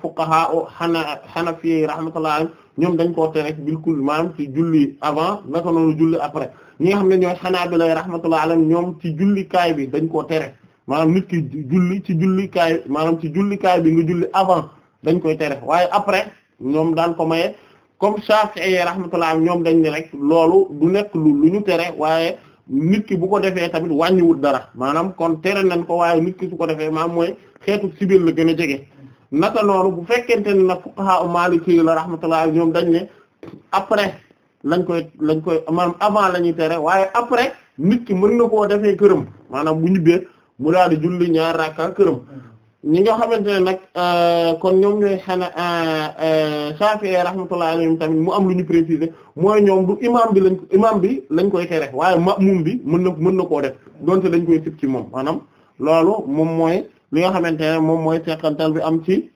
fuqaha o xana xanafi rahmatullah alayhim ñoom dañ koo tere rek bilkul maanaam ci julli avant naka noonu julli après ñi nga xam ne ñooy Hanaabila rahmatullahi alayhim ñoom ci jullikaay bi dañ koo tere maanaam nit ki julli ci jullikaay maanaam ci jullikaay bi nga julli avant dañ koy tere waaye après ñoom daan ko maye comme Shafi'i rahmatullah ñoom dañ ne rek loolu du nekk lu lu ñu tere waaye nit ki bu ko defee tamit wàññiwul dara maanaam kon tere nañ ko waaye nit ki su ko defee maam mooy xeetu sibir la gën a jege naka noonu bu fekkente ne nag fuqaha Maliki la rahmatullah ñoom dañ ne après lañ koy lañ koy maanaam avant la ñuy tere waaye après nit ki mën na koo defee këram maanaam bu ñibbee mu daal di julli ñaar rakka këram ñi nga xamante ne nag euh, kon ñoom ñooy xana euh, euh, Shafi'i rahmatullahi alayhim tamit mu am lu ñu préciser mooy ñoom du imam bi lañ imam bi lañ koy tere waaye ma'mum bi mën na mën na koo def donte dañ koy sib ci moom maanaam loolu moom mooy li nga xamante ne moom mooy teqantal bi am ci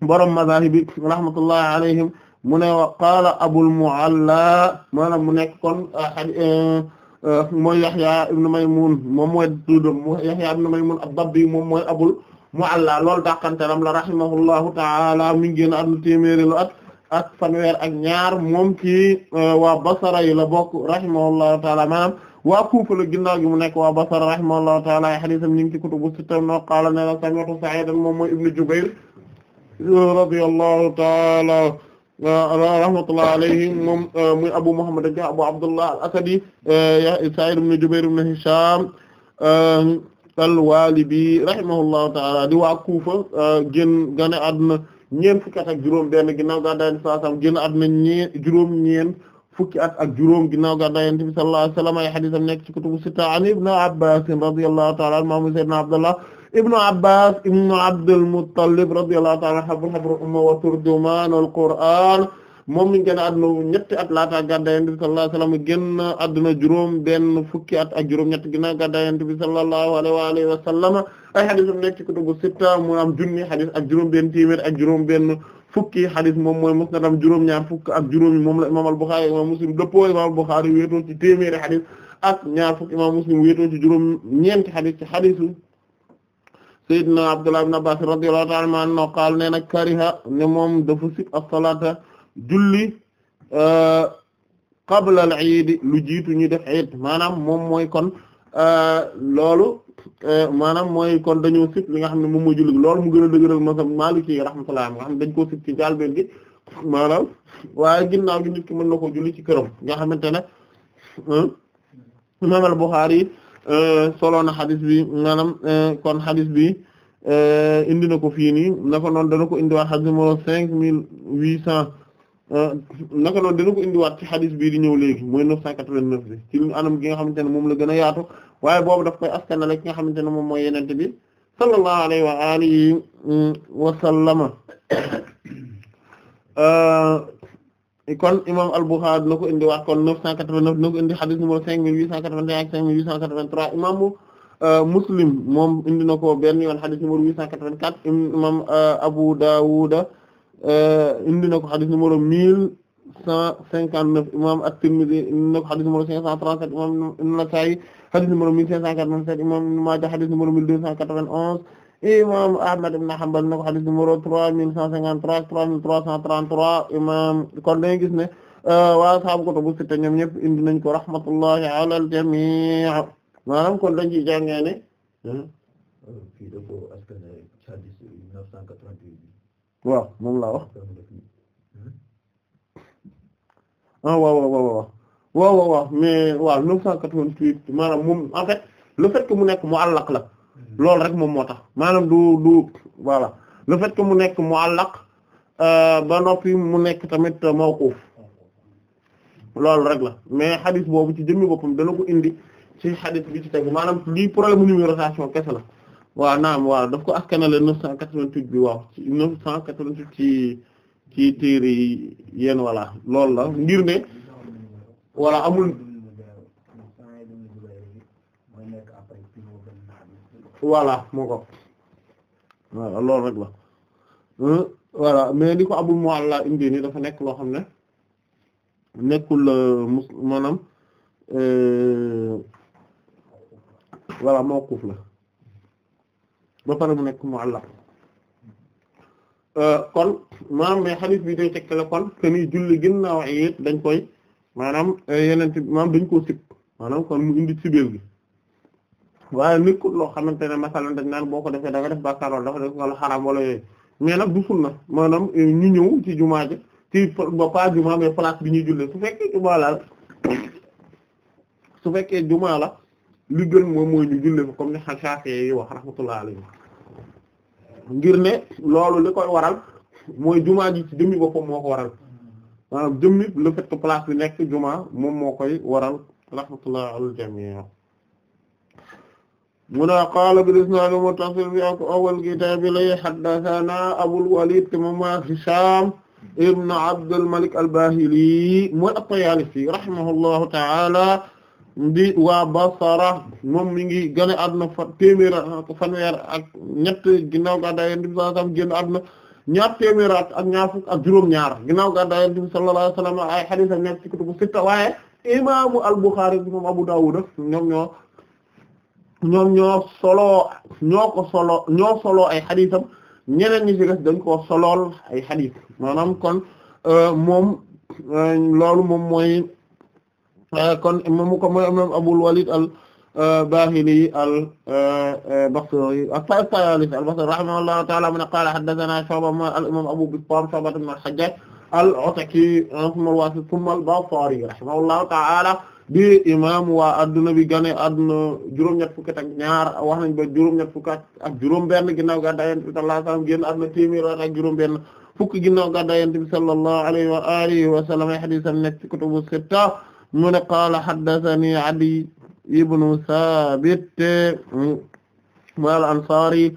borom mazahib bi rahmatullahi alayhim mu ne wa qaala Abul Mu'alla maanaam mu nekk kon ah, ah, eh, eh, mooy Yahya ibn Maymun moom mooy tuddam Yahya ibn Maymun ad-Dabbi moom mooy Abul Mu'alla loolu dàqanteelam la rahimahullahu ta'ala mi ngi génn àdduna téeméeri lu at ak fanweer ak ñaar moom ci eh, wa Basra yi la bokk rahimahullahu ta'ala maanaam waa Kufa la ginnaaw gi mu nekk waa Basra rahimahullahu ta'ala ay hadiisam ñu ngi ci kutubu sitta no qaala ne la sami'tu Sa'iid moom mooy Ibn Jubayr radiyallahu ta'ala rahmatullah alayhi moom euh, muy Abu Muhammad ak Abu Abdullah al-Asadi euh, Sa'id ibn Jubayr ibn Hisham euh, al-Walibi ta'ala di waa Kufa génn gane àdduna ñeent fukki at ak juróom benn ginnaaw gàddaay Yonent bi sallallahu alayhi wasallam génn àdduna ñeent juróom ñeent fukki at ak juróom ginnaaw gàddaay Yonent bi sallallahu alayhi wasallam ay nekk ci kutubu sitta an Ibn Abbas radiyallahu ta'ala anhumaa Sayyidina Abdullah ibnu abbas ibnu abdul muttalib radiyallahu ta'ala habru habru umma wa turjumaanul qur'aan moom mi ngi at laata gàddaay Yonent bi sallallahu alayhi wa sallam génn àdduna juróom benn fukki at ak juróom ñett ginnaaw gàddaay Yonent bi sallallahu alayhi wa alihi wa sallam ay xadis am nekk ci ak juróom benn téeméer ak juróom benn fukki xadis moom mooy juróom ñaar fukk ak juróomi moom la imam al-Bukhari imam Muslim dëppoo imam al-Bukhari wéetoo ci téeméeri xadis ak ñaar fukk imam Muslim wéetoo ci juróom ñeenti xadis ci xadisu Seydina Abdullah ibn Abbas radiyallahu ta'ala anhu maa noo qaal nee na kariha ne moom dafa sib as-salaata julli euh, qabla al-iid lu jiitu ñu def iid maanaam moom mooy kon euh, loolu euh, maanaam mooy kon dañoo sib li nga xam ne moom mooy julli loolu mu gën a dëgëral masa Maliki rahmatullah nga xam dañ koo sib ci njàlbéen gi maanaam waaye ginnaaw gi ki mën na koo julli ci këram nga xamante ne imaam al Euh, solo na xadis bi maanaam euh, kon xadis bi euh, indi na ko fii nii naka noon dana ko indiwaat xadis numéro cinq mille huit cent naka noonu dana indiwaat ci xadis bii di ñëw léegi mooy neuf cent quatre-vingt-neuf bi ci anam gi nga xamante ne moom la gën a yaatu waaye boobu daf koy askanale ki nga xamante ne moom mooy yenente bi sallallahu alayhi wa alihi mm, wa sallama kon imam al-Bukhârî na ko indi waat kon 989 na ko indi xadis numéro 5881 ak 5883 imam euh, Muslim moom indi na ko benn yoon xadis numéro 884 imam euh, Abu Dâwud euh, indi na ko xadis numéro 1159 imam At-Tirmidhî indi na ko xadis numéro 537 imam An-Nasâ'i xadis numéro 1587 imam Ibn Mâdja imam Ahmad ibn Hanbal na ko hadith numéro trois mille cent trois trois mille trois cent trois imam kon dañu gis ne euh, waa sahaabu kutubu sitta ñoom ñëpp indi nañ ko rahmatullahi ala al jami' maanaam kon dañ ci jàngee ne hmm? euh, waaw moom laa wax en fait mu nekk mu àllaq la loolu rek moom moo tax maanaam du du voilà le fait que mu nekk mu muallaq euh, ba noppi mu nekk tamit mawquf loolu rek la mais xadis boobu ci jëmmi boppam dana ko indi ci xadis bi ci tegu maanaam lii problème numérotation kese la waaw naam waaw daf ko askanale neuf cent quatre-vingt-huit bi waaw neuf cent quatre-vingt-huit ci ci téere yi yéen voilà loolu la ngir ne voilà amul voilà mu ko voilà loolu rek la voilà ni li ko Abul Mu'alla indi nii dafa nekk loo xam ne nekkul euh, mus maanaam euh, voilà mawquf la ba pare mu nekk mu'allaq euh, kon maanaam mais hadith bi day tekkale kon que ni julli ginnaaw it dañ koy maanaam yeneen maam dañ ko sib maanaam kon mu indi sibeel gi waaye nekkul loo xamante ne masalan dañ naan boo ko defee da nga def bàkkaar wala dafa def wala xaraam wala yooyu mais nag du sunna maanaam eh, ñu ñëw ci jumaa ji ci ba pas jumaa mais place bi ñuy jullee su fekkee jumaa la su fekkee jumaa la li gën moom mooy ñu jullee fa comme ni Shafi'i yi wax rahmatullahi alayhi ngir ne loolu li koy waral mooy jumaa ji ci jëmmi boppam moo ko waral maanaam jëmmi le place bi nekk jumaa moom moo koy waral rahmatullahi al jami' mun a qaala bil isnaad muttasil fi awwal kitaab li haddathana Abul Walid te moom mooy Hishaam ibn Abdul al-Bahili mooy at-Tayaalisi rahimahullahu ta'ala di waa Basra moom mi ngi gën a àdduna téeméer ak fanweer ak ñett ginnaaw gàddaay Yonent bi sallallahu alayhi wasallam génn ñaar téeméer ak ñaar fukk ak juróom-ñaar ginnaaw gàddaay Yonent bi sallallahu alayhi ay hadiis ak nekk ci sitta waaye imaamu al-Bukhari ak Abu Dawud ñoom ñoo. ñoom ñoo solo ñoo ko solo ñoo solo ay xadiisam ñeneen ñi ci des dañ koo solool ay xadiis maanaam kon euh, moom euh, loolu moom mooy euh, kon moom ko mooy imam Abul Walid al-Bahili al-Basri at-Tayalisi al-Basri rahimahullahu ta'ala mu ne qaala haddathana al-imam Abu Bistam Shu'ba ibn al-Hajjaj al-Ataki al-Wasiti thumma al-Basri rahimahullahu ta'ala bi imam waa adduna bi gane adduna juróom-ñett fukki ak ñaar wax nañ ba juróom-ñett fukk ak juróom-benn ginnaaw gàddaa yonent bi sallallahu alayhi wa sallam génn adduna téeméer ak juróom-benn fukki ginnaaw gàddaa yonent bi sallallahu alayhi wa alihi wa sallam ay hadiisam nekk ci kutubu sitta mu ne qaala haddathani Adi ibnu Saabit al Ansaari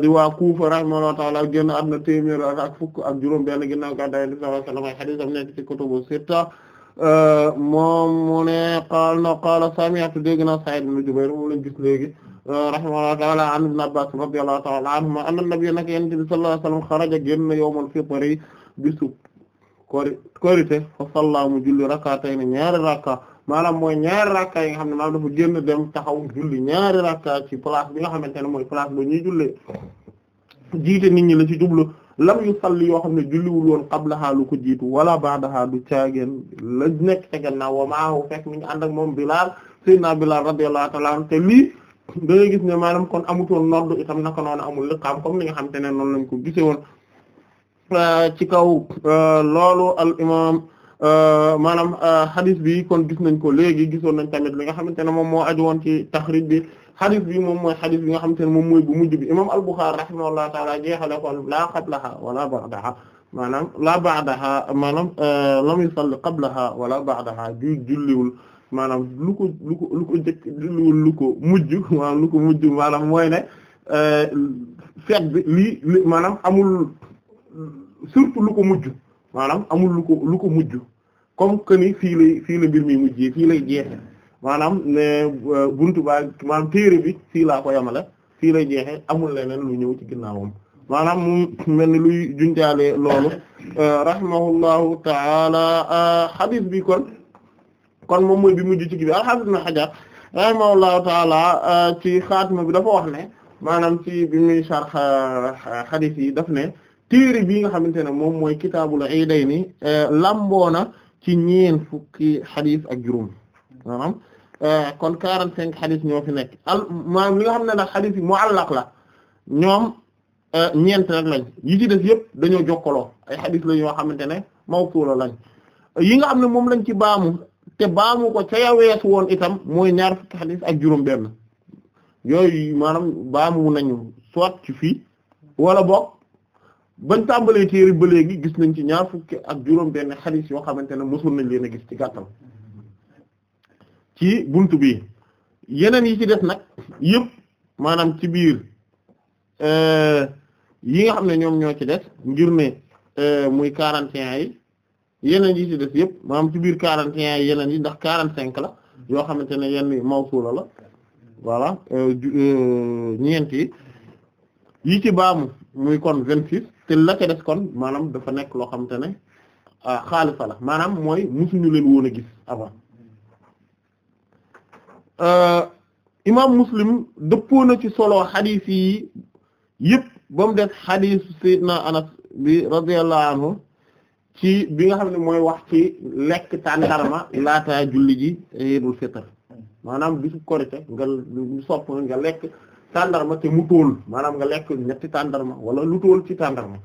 di waa Kuufa rahimahullahu ta'ala génn adduna téeméer ak fukk ak juróom-benn ginnaaw gàddaa yonent bi sallallahu alayhi wa sallam ay hadiisam nekk ci kutubu sitta Euh, moom mu ne qaal no qaala sami'tu dégg naa Sa'id ibn Jubayr moom lañ gis léegi euh, rahimahullahu ta'ala an ibn Abbas radiyallahu ta'ala anhuma anna nabiyya nak yonent bi sallallahu alayhi wa sallam xaraja génn yawmal fitri bisu kori korite fa salla julli rak'atayn ñaari rakka maanaam mooy ñaari rakka yi nga xam ne maanaam dafa génn dem taxaw julli ñaari rakka ci place bi nga xamante ne mooy place ba ñuy jullee jiite nit ñi la ci jublu lam yu salli yoo xam ne julliwul woon qablahaa lu ko jiitu wala ba'dahaa du caageen la nekk ca fekk mi ngi ànd ak moom Bilaal sayyidina Bilaal radiyallahu ta'ala anhu te lii da gis ne maanaam kon amutoon nodd itam naka noonu amul liqaam comme ni nga xam te ne noonu lañ ko gise woon euh, ci kaw euh, loolu al imaam euh, maanaam hadith bi kon gis nañ ko léegi gisoon nañ tamit li nga xamante ne moom moo aju woon ci taxrij bi xadis bi moom mooy xadis bi nga xamante ne moom mooy bu mujj bi imam al-Bukhari rahimahullahu ta'ala jeexale ko la qablaha wala ba'daha maanaam la ba'daha maanaam euh, lam yusalli qablaha wala ba'daha ju julliwul maanaam lu ko lu ko lu ko jëkk julliwul lu ko mujj maanaam lu ko mujj maanaam mooy ne euh, feet bi lii li maanaam amul surtout lu ko mujj maanaam amul lu ko lu ko mujj comme que ni fii lay fii la mbir mi mujjee fii lay jeexe maanaam ne euh, buntu baa maanaam téere bi fii laa ko yemale lay jeexe amul leneen lu ñëw ci ginnaawam maanaam mu mel ni luy junjaale loolu euh, rahimahullahu taala euh, hadith bi kon kon moom mooy bi mujj ci gi bi al-Hafiz Ibn rahimahullahu taala ci xaatima bi dafa wax ne maanaam ci bi muy sarx daf ne téere bii nga xamante ne moom mooy kitaabul iidayni lamboona ci ñeen fukki hadith ak juróom Euh, kon 45 xadis ñoo fi nekk al maanaam li nga xam ne nag xadis yi muallaq la ñoom euh, ñeent rek lañ yi ci des yëpp dañoo jokkaloo ay xadis la yoo xamante ne mawsuula lañ yi nga xam ne moom lañ ci baamu te baamu ko ca ya weesu woon itam mooy ñaar fukki xadis ak juróom-benn yooyu maanaam baamu nañu soit ci fii wala boog bañ tàmbalee téere ba gis nañ ci ñaar fukk ak juróom-benn xadis yoo xamante ne mosul nañ leen a gis ci gàttal. ci bunt bi yeneen yi ci def nag yépp maanaam ci biir euh, yi nga xam ne ñoom ñoo ci des ngir ne euh, muy quarante et yi yeneen yi ci des yëpp maanaam ci biir quarante et yi yeneen yi ndax quarante cinq la yoo xamante ne yenn mawsuula la voilà euh, ñeent yi yi ci baamu muy kon vingt six te la des kon maanaam dafa nekk loo xamante ne ah, xaalisa la maanaam mooy musuñu leen woon a gis avant Euh, imaam muslim dëppoo na ci solo xadis yi yëpp ba mu def xadis sayyidina anas bi radiyallahu anhu ci bi nga xam ne mooy wax ci lekk tàndarma laataa julli ji Iidul Fitr maanaam bi korite nga sopp nga lekk tàndarma te mu tóol maanaam nga lekk ñetti tàndarma wala lu tóol ci tàndarma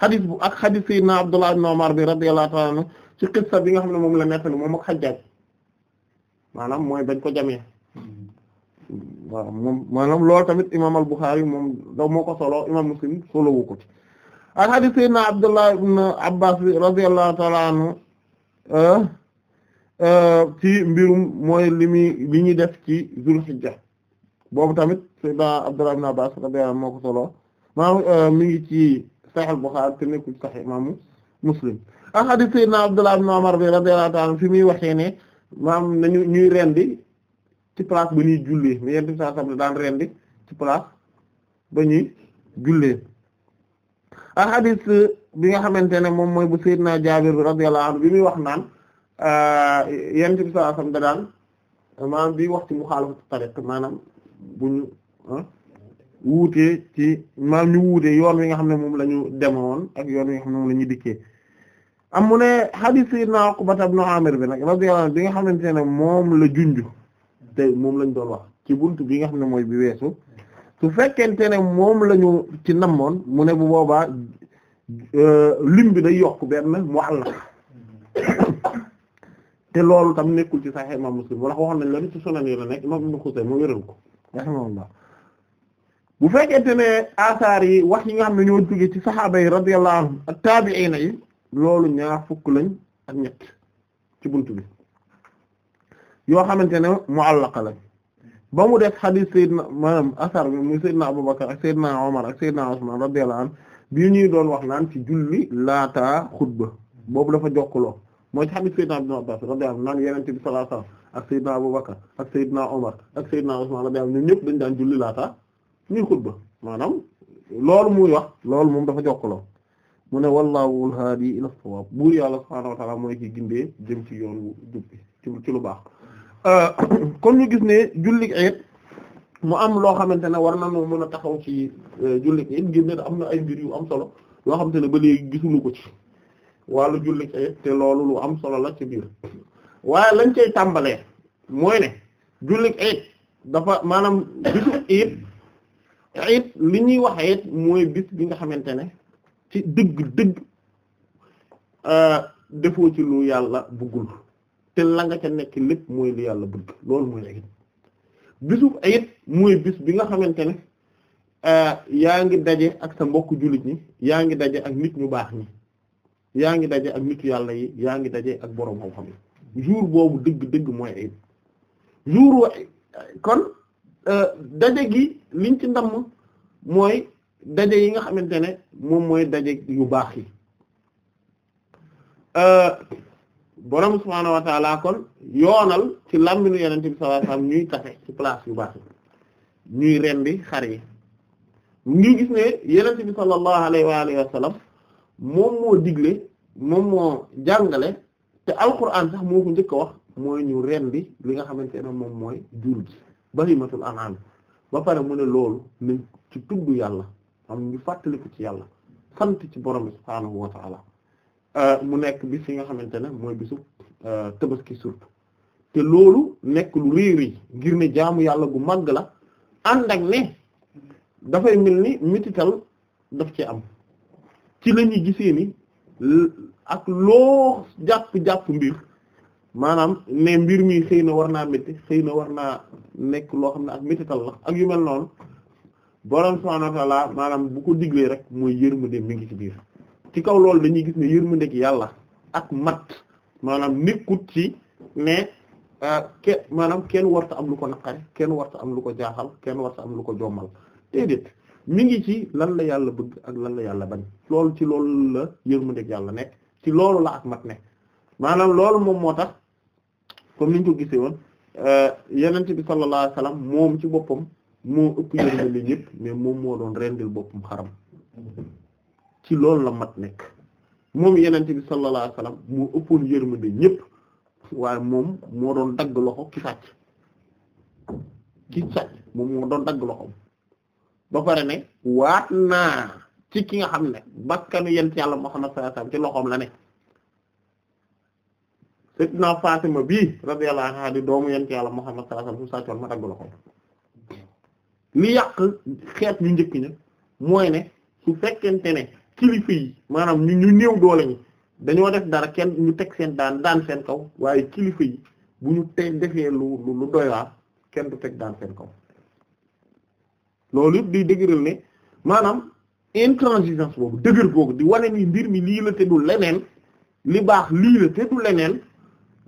xadis bu ak xadis sayyidina Abdullah ibn Umar bi radiyallahu ta'ala anhu ci qissa bi nga xam ne moom la nekk moom ak Hajjaj maanaam mooy bañ ko jamee hmm. waaw moom maanaam loolu tamit imaam al moom da moo ko solo imaam Muslim solowu ko ci al hadith sayyidina Abdullah ibn Abbas bi radiyallahu euh, euh, ci mbirum mooy li muy ñuy def ci Zulhijja boobu tamit sayyidina Abdullah ibn Abbas radiyallahu moo solo maanaam euh, mi ngi ci Sahih al-Bukhari te nekkul Sahih imaamu Abdullah ibn Umar bi radiyallahu ta'ala fi muy waxee ne maam nañu ñuy rendi ci place ba ñuy jullee mais yent bi sallallahu alayhi wasallam daan rendi ci place ba ñuy jullee ak hadith bi nga xamante ne moom mooy bu naa Jaabir radiyallahu anhu bi muy wax naan euh, yent bi sallallahu alayhi da daan maanaam bi wax ci muxaalafatu tariq maanaam bu ñu ah, wuutee ci maanaam ñu wuutee yoon wi nga xam ne moom la ñu demoon ak yoon wi nga xam ne moom la ñuy dikkee am mu ne hadith sayyidina Uqbata ibn Amir bi nag radiyallahu anhu bi nga xamante ne moom la junj te moom lañu doon wax ci bunt bi nga xam ne mooy bi weesu su fekkente ne moom lañu ci namoon mu ne bu boobaa euh, lim bi day yokk benn mu mu'allaq te loolu tam nekkul ci Sahih Imam Muslim wala waxoon nañ la ci Sunan yi la nekk Imam Ibn Khuzaymah moo wéral ko rahimahullah bu fekkee ne asaar yi wax yi nga xam ne ñoo jóge ci saxaaba yi radiyallahu anhum ak yi loolu ñaar fukk lañ ak ñett ci bunt bi yoo xamante ne mu'allaqa lañ ba mu def xadiis Seydina maanaam asar bi muy Seydina Abubakar ak Seydina Omar ak Seydina Usman radiyallahu anhu bi ñuy doon wax naan ci julli laataa xutba boobu dafa jokkaloo mooy ci xadiis Seydina Ibn Abbas radiyallahu anhu naan Yonent bi sallallahu alayhi wasallam ak Seydina Abubakar ak Seydina Omar ak Seydina Usman radiyallahu anhu ñoom ñëpp dañ daan julli laataa ñuy xutba maanaam loolu muy wax loolu moom dafa jokkaloo mu ne wallahu al-haadi ila sawaab buur yàlla subhaanahu mooy ki gindee jëm ci yoonu jub ci lu baax euh, kon ñu gis ne jullit ayit mu am loo xamante ne war nañoo mën a taxaw ci euh, jullit ayit ngir ne am na ay mbir yu am solo yoo xamante ne ba gisuñu ko ci wàllu jullit te loolu lu am solo la ci biir waaye lañ cay tàmbalee mooy ne jullit ayit dafa maanaam bisu ayit ayit li ñuy wax ayit mooy bis bi nga xamante ne. ci dëgg-dëgg euh, defoo ci lu yàlla bëggul te la ca nekk lépp mooy lu yàlla bëgg loolu mooy ayit bisub ayit mooy bis bi nga xamante ne euh, yaa ngi daje ak sa mbokk jullit ñi yaa ngi daje ak nit ñu baax ñi yaa ngi daje ak nit yàlla yi yaa ngi daje ak boroom xam-xam jour boobu dëgg-dëgg mooy ayit jour kon euh, daje gi liñ ci ndamm mooy daje yi nga xamante ne moom mooy daje yu baax yi euh, borom subhaanahu wa kon yoonal ci làmbinu yenente bi sallallahu alayhi wasallam ñuy tafe ci place yu baax yi ñuy rendi xar yi ngi gis ne yenente bi sallallahu alayhi moom moo digle moom moo jàngale te alquran sax moo ko njëkk a wax mooy ñu rendi li nga xamante ne moom mooy jur gi bahimatul an'am ba pare mu ne loolu nañ ci tudd yàlla am ñu fàttaliku ci yàlla sant ci borom bi subhaanahu wa ta'ala euh, mu nekk bis yi nga xamante ne mooy bisu euh, tabaski surtout te loolu nekk lu réeri ngir ne jaamu yàlla gu màgg la ànd ak ne dafay mel ni mitital daf ci am ci la ñuy ni ak loo jàpp-jàpp mbir maanaam ne mbir mi xëy na war naa métti xëy na war naa nekk loo xam ne ak mitital la ak yu mel noonu borom subhaanahu wa ta'aala maanaam bu ko diglee rek mooy yërmande mi ngi ci biir ci kaw loolu dañuy gis ne yërmande gi yàlla ak mat maanaam nekkut ci ne euh, ke maanaam kenn warta am lu ko naqare kenn warta am lu ko jaaxal kenn warta am lu ko jommal déedéet mi ngi ci lan la yàlla bëgg ak lan la yàlla bañ loolu ci loolu la yërmandeg yàlla nekk ci loolu la ak mat nekk maanaam loolu moom moo tax comme niñ ko gisee woon euh, yenent bi sallallahu alayhi moom ci boppam moo ëpp yërmande ñëpp mais moom moo doon rendil boppam xaram ci loolu la mat nekk moom yenente bi sallallahu alayhi wasallam moo ëppoon yërmande ñëpp waaye moom moo doon dagg loxo ki sàcc ki sàcc moom moo doon dagg loxoom ba pare ne waat naa ci ki nga xam ne bakkanu yent yàlla Muhammad sallallahu alayhi wasallam ci loxoom la ne Sayyidina Fatima bii radiyallahu anha di doomu yent yàlla Muhammad sallallahu alayhi wasallam su sàccoon ma dagg loxoom li yàq xeet ñu njëkk ña mooy ne su fekkente ne kilifa yi maanaam ñu ñu néew doole ñi dañoo def dara kenn ñu teg seen daan daan seen kaw waaye kilifa yi bu ñu te defee lu lu doy kenn du teg daan seen kaw loolu yëpp di dëgëral ne maanaam intransigeance boobu dëgër googu di wane ni mbir mi lii la te du leneen li baax lii la te du leneen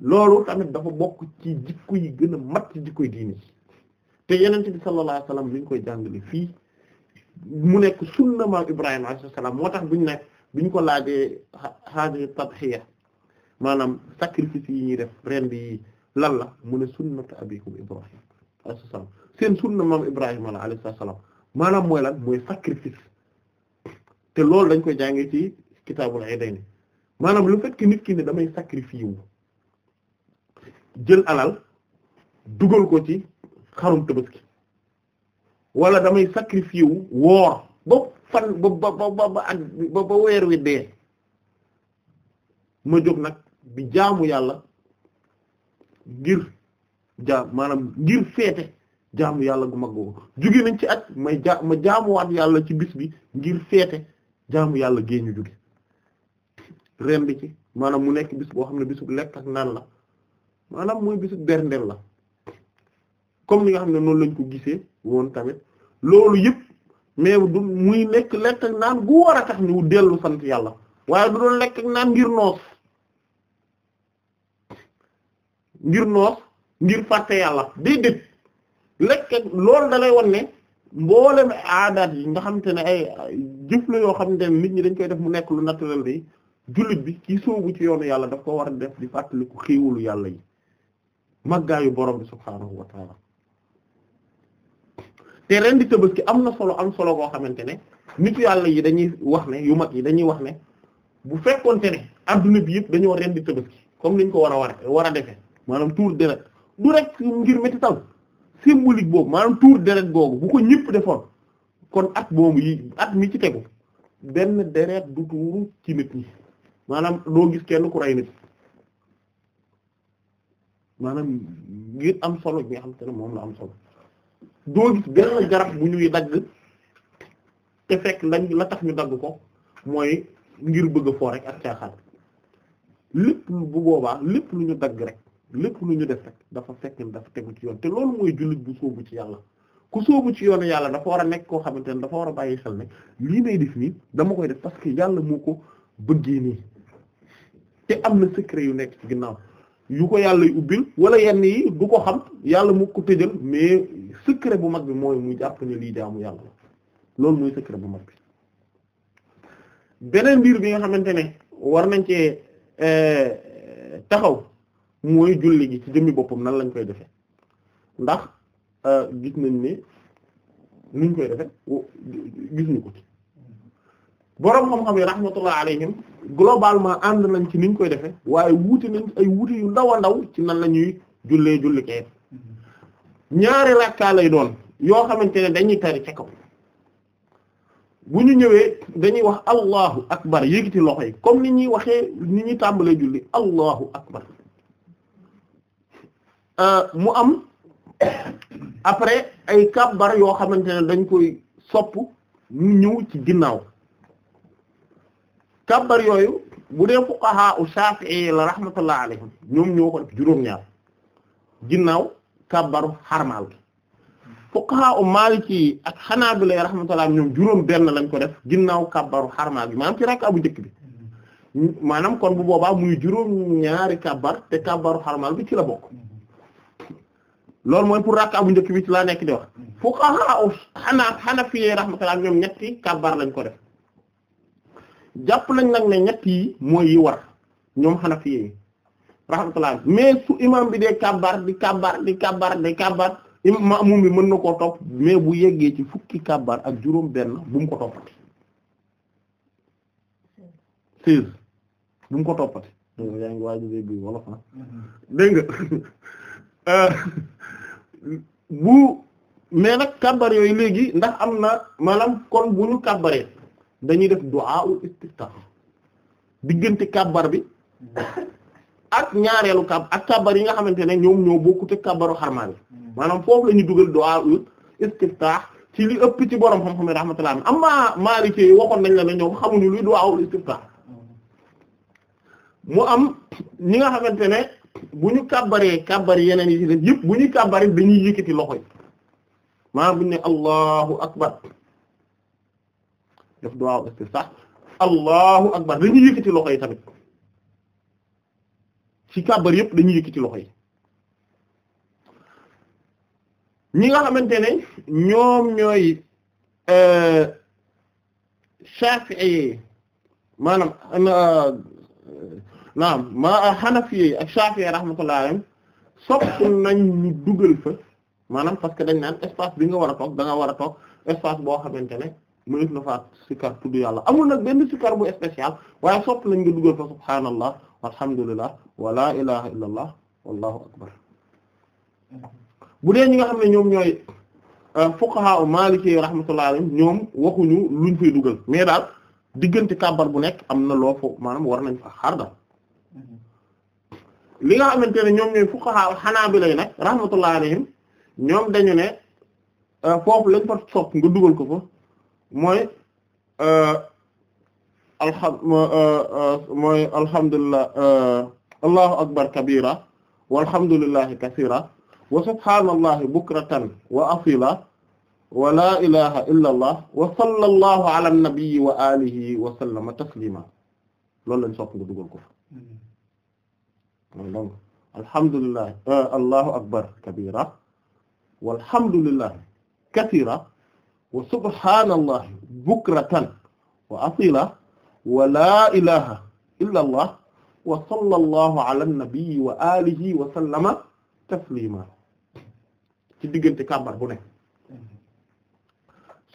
loolu tamit dafa bokk ci jikko yi gën a mat ci jikko yi diini te yenente bi sallallahu alayhi wasallam koy jàngale fii mu nekk sunna maam Ibrahima alayhi salaam moo tax bu ñu nekk buñ ko laajee haadihi tadhiya maanaam sacrifice yi ñuy def rend bi lan la mu ne sunnata abikum Ibrahim seen sunna maam Ibrahima la alayhi salaam maanaam mooy lan muy sacrifice te loolu dañ koy jàngee ci kitaabul iidayni maanaam lu fait que nit ki ne damay sacrifier wu jël alal dugal ko ci xarum tabaski wala damay sacrifice wu woor ba fan ba ba ba ba weer wi ma jóg nag bi jaamu yàlla ngir jaam maanaam ngir feete jaamu yàlla gu mag googu jóge nañ ci at may ja ma jaamuwaat yàlla ci bis bi ngir feete jaamu yàlla gée ñu jóge ren ci maanaam mu nekk bis boo xam ne bisu lekk ak naan la maanaam mooy bisu berndeel la comme ni nga xam ne noonu lañ ko gisee woon tamit loolu yëpp mais du muy nekk lekk ak naan gu war a tax ñu dellu sant yàlla waaye du doon lekk ak naan ngir noos ngir noos ngir fàtte yàlla day dét lekk ak loolu da lay wan ne mboolem aadaat yi nga xamante ne ay jëf la yoo xam ne nit ñi dañ koy def mu nekk lu naturel bi jullit bi kii sóobu ci yoonu yàlla daf ko war a def di fàttaliku xéewalu yàlla yi màggaayu borom bi subhaanahu wa taala te ren di tabaski am na solo am solo boo xamante ne nit yàlla yi dañuy wax ne yu mag yi dañuy wax ne bu fekkonte ne adduna bi yëpp dañoo ren di tabaski comme niñ ko war a war a war a defee maanaam tuur deret du rek ngir métital symbolique boobu maanaam tuur deret googu bu ko ñëpp defoon kon at boobu yi at mi ci tegu benn deret du tuuru ci nit ñi maanaam doo gis kenn ku rey nit maanaam ngir am solo bi nga xam te ne moom la am solo doo gis benn garab bu ñuy dagg te fekk lañ la tax ñu dagg ko mooy ngir bëgg a foo rek ak caaxaan lépp bu boobaa lépp lu ñu dagg rek lépp lu ñu def rek dafa fekk dafa tegu ci yoon te loolu mooy jullit bu sóobu ci yàlla ku sóobu ci yoon yàlla dafa war a nekk koo xamante ne dafa war a bàyyi xel ne lii may def nii dama koy def parce que yàlla moo ko bëggee nii te am na secret yu nekk ci ginnaaw yu ko yàlla ubbil wala yenn yi du ko xam yàlla mu ko tëjal mais secret bu mag bi mooy muy jàppane ne lii jaamu yàlla loolu mooy secret bu mag bi beneen mbir bi nga xamante ne war nañ cee eh, taxaw mooy julli gi ci jëmmi boppam nan lañ koy defee ndax eh, gis nañ ne nuñ koy defee gisuñu ko ci boroom xam-xam yi rahmatullah alayhim globalement ànd nañ ci niñ koy defee waaye wuute nañ ay wuute yu ndawa ndaw ci nan la ñuy jullee julli kee ñaari rakka lay doon yoo xamante ne dañuy tari ca kaw bu ñu ñëwee dañuy wax allahu akbar yéegiti loxo yi comme ni ñuy waxee ni ñuy tàmbalee julli allahu akbar euh, mu am après ay kabbar yoo xamante ne dañ koy sopp ñu ñëw ci ginnaaw kàbbar yooyu bu dee fuqaha u Shafi'i la rahmatullah alayhim ñoom ñoo ko def juróom-ñaar ginnaaw kàbbaru xarmaal gi fuqaha u Maliki ak Hanabila rahmatullah juróom benn lañ ko def ginnaaw kàbbaru xarmaal gi maanaam ci rakka bu njëkk bi maanaam kon bu boobaa muy juróom-ñaari kàbbar te kàbbaru xarmaal bi ci la bokk loolu mooy pour rakka bu jëkk bi ci laa nekk di wax fuqaha u xanaa Hanafi rahmatullah ñoom ñetti kàbbar lañ ko def jàpp nañ nag ne ñett yi mooy yi war ñoom Hanafi yi rahmatullah mais su imam bi dee kàbbar di kàbbar di kàbbar di kàbbar maamum bi mën na koo topp mais bu yeggee ci fukki kabar ak juróom benn bu mu ko toppati ko toppati yaa ngi waaju euh, nag kabar yooyu léegi ndax am na maanaam kon bu ñu kàbbaree dañuy def du'a ul istiftah diggante kàbbar bi ak ñaareelu kàb ak yi nga xamante ne ñoom ñoo bokkute kàbbaru xarmaan yi hmm. maanaam foofu la ñuy dugal du'a ci li ëpp ci borom xam-xam yi rahmatullah amma Maliki waxoon nañ la ne ñoom xamuñu luy du'a ul istiftah hmm. mu am ñi nga xamante ne bu ñu kàbbaree kàbbar yeneen yi ci def yëpp bu ñuy kàbbaree dañuy yëkkati loxo yi maanaam bu ne Allahu akbar def duwaaw istiftaah allahu akbar dañuy yëkkati loxo yi tamit ci kàbbar yëpp dañuy yëkkati loxo yi ñi nga xamante ne ñoom ñooy euh, Shafi'i maanaam euh, naam ma Hanafi ak Shafi'i rahmatullah alayhim sopp nañ ñu dugal fa maanaam parce que dañ naan espace bi nga war a toog da war a toog espace boo xamante ne mu def na faat sikar tudd yàlla amul nag benn sikar bu spécial waaye sopp nañ nga dugal fa subhaanallah walhamdulillah wala ilaha illa allah wallahu akbar bu dee ñi nga xam ne ñoom ñooy euh, fuqaha maliki rahmatullahi alayhim ñoom waxuñu luñ fay dugal daal diggante kàbbar bu nekk am na loo fo maanaam war nañ fa xardal li nga xamante ne ñoom ñooy xanaa bi lay nag rahmatullahi alayhim ñoom dañu ne euh, foofu lañ fa sopp nga dugal ko fa mooy euh, alham euh, euh, mooy alhamdulillah allahu akbar kabira walhamdulillahi kasira wa subhaanallahi bukratan wa asila wa la ilaha illa allah wa sallallahu ala nabii wa alihi wa sallama taslima loolu lañ sopp nga dugal ko fa moom donc alhamdulillahi allahu akbar kabira walhamdulillahi kasira wa subhaanallah bukratan wa asila wa laa ilaha illa allah wa sallallahu ala nabii wa alihi wa sallama taslima ci diggante kàmbar bu ne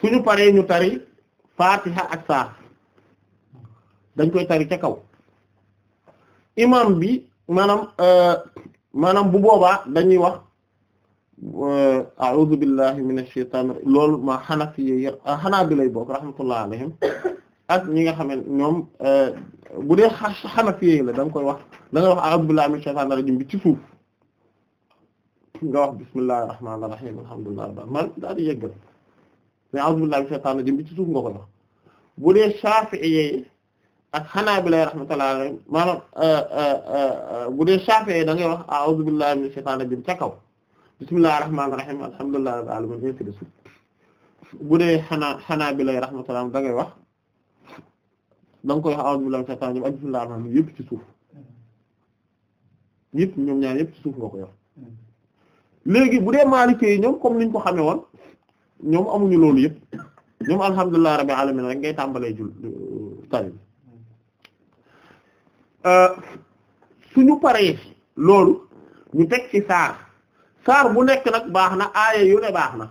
suñu paree ñu tari fatiha ak saar dañ koy tari ca kaw imam bi maanaam euh, maanaam bu boobaa dañuy wax a'udhu billahi minash shaitanir loolu ma xanafi yi xanaabilay bokk rahmatullah alayhim ak ñi nga xam ne ñoom euh, bu dee xanafi yi la da nga koy wax da nga wax a'udhu billahi minash shaitanir rajim bi ci suuf nga wax bismillahir rahmanir rahim alhamdulillah man daal di yeggal mais a'udhu billahi minash shaitanir rajim bi ci suuf nga koy wax bu dee Shafi'i yi ak Hanabila rahmatullahi alayhim maanaam euh, euh, bu dee Shafi'i da ngay wax a'udhu billahi minash shaitanir rajim ca kaw bismillahir rahmanir rahim alhamdulillahi rabbil alamin bu dee xanaa xanaa bi lay rahmatullah da ngay wax da koy wax a'udhu billahi minash shaytanir ci suuf yëpp ñoom ñaar yëpp ci suuf nga koy léegi bu dee Maliki yi ñoom comme niñ ko xamee woon ñoom amuñu loolu yëpp ñoom alhamdulillahi rabbil alamin rek ngay tàmbalee jul tari euh, suñu paree loolu ñu teg saar saar bu nekk nag baax na aaya yu ne baax na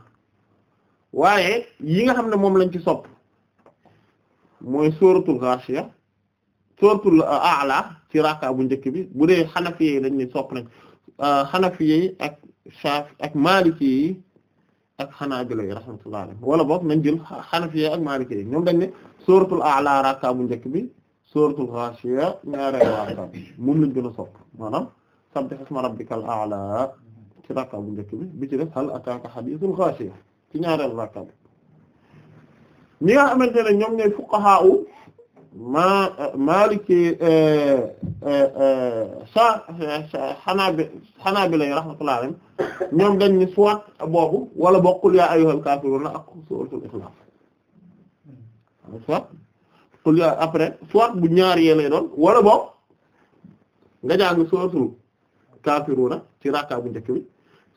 waaye yi nga xam ne moom lañ ci sopp mooy suratul Ghashiya suratul euh, A'la ci raka bu njëkk bi bu dee Hanafi yi dañ ne sopp nañ euh, Hanafi yi ak Shafi ak Maliki yi ak Hanabila yi rahmatullahi alayhim wala boog nañ jël ak Maliki yi ñoom dañ ne suratul A'la raka bu njëkk bi suratul Ghashiya ñaareel raka bi moom lañ gën a sopp maanaam ci rakka bu njëkk bi bi ci def hal ataaka hadithul ghashiya ci ñaareel rakka bi ñi nga xamante ne ñoom ñooy fuqaha u ma maliki eh, eh, eh, sa xanaabi xanaabi lay rahmatullah ñoom dañ ni soit boobu wala bokkul yaa ayyuhal kaafiruun ak suuratul ixlaas soit qul yaa après soit bu ñaar yee lay wala bokk nga jàng suuratul kaafiruun ci rakka bu njëkk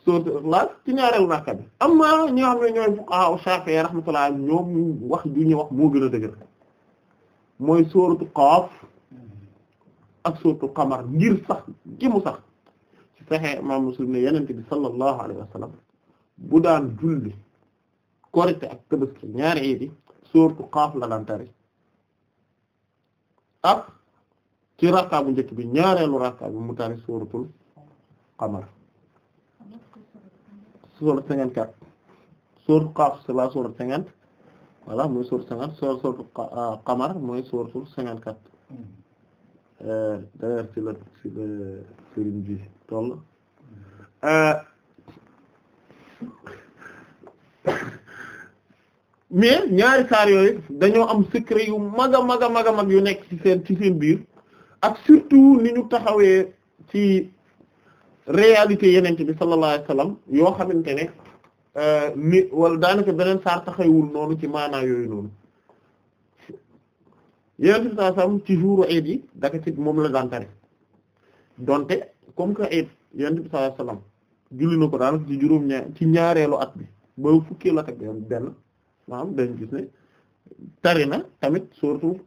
sourate i ikhlas ci ñaareelu rakka bi amma ñi nga xam ne ñooy fuqaha Shafi'i rahmatullah ñoom wax ju ñu wax moo gën a dëgër mooy sourate Qaf ak sourate Qamar ngir sax gi mu sax ci Sahih imam Muslim ne Yonent bi sallallahu alayhi wa sallam bu daan julli Korite ak Tabaski ñaari iid yi sourate Qaf la tari ak ci rakka bu njëkk bi ñaareelu rakka bi mu tari suuratul Qamar sourate 54 sourate Qaf c'est la mooy sourate 50 sourate Qamar mooy sourate 54 d'ailleurs mais ñaari saar yooyu dañoo am secret yu mag a mag mag yu nekk ci seen ci biir ak surtout ni ñu taxawee réalité yeneen bi sallallahu alayhi wa sallam yoo xamante ne ni euh, wala daanaka beneen saar taxawul noonu ci maanaa yooyu noonu yeneen bi saa sam ci jouru eid yi daka ci moom la daan tare donte comme que eid yeneen bi sallallahu alayhi ko daanaka ci juróom ci ñaareelu at bi ba fukkee la benn maanaam dañ gis ne tari na tamit surtout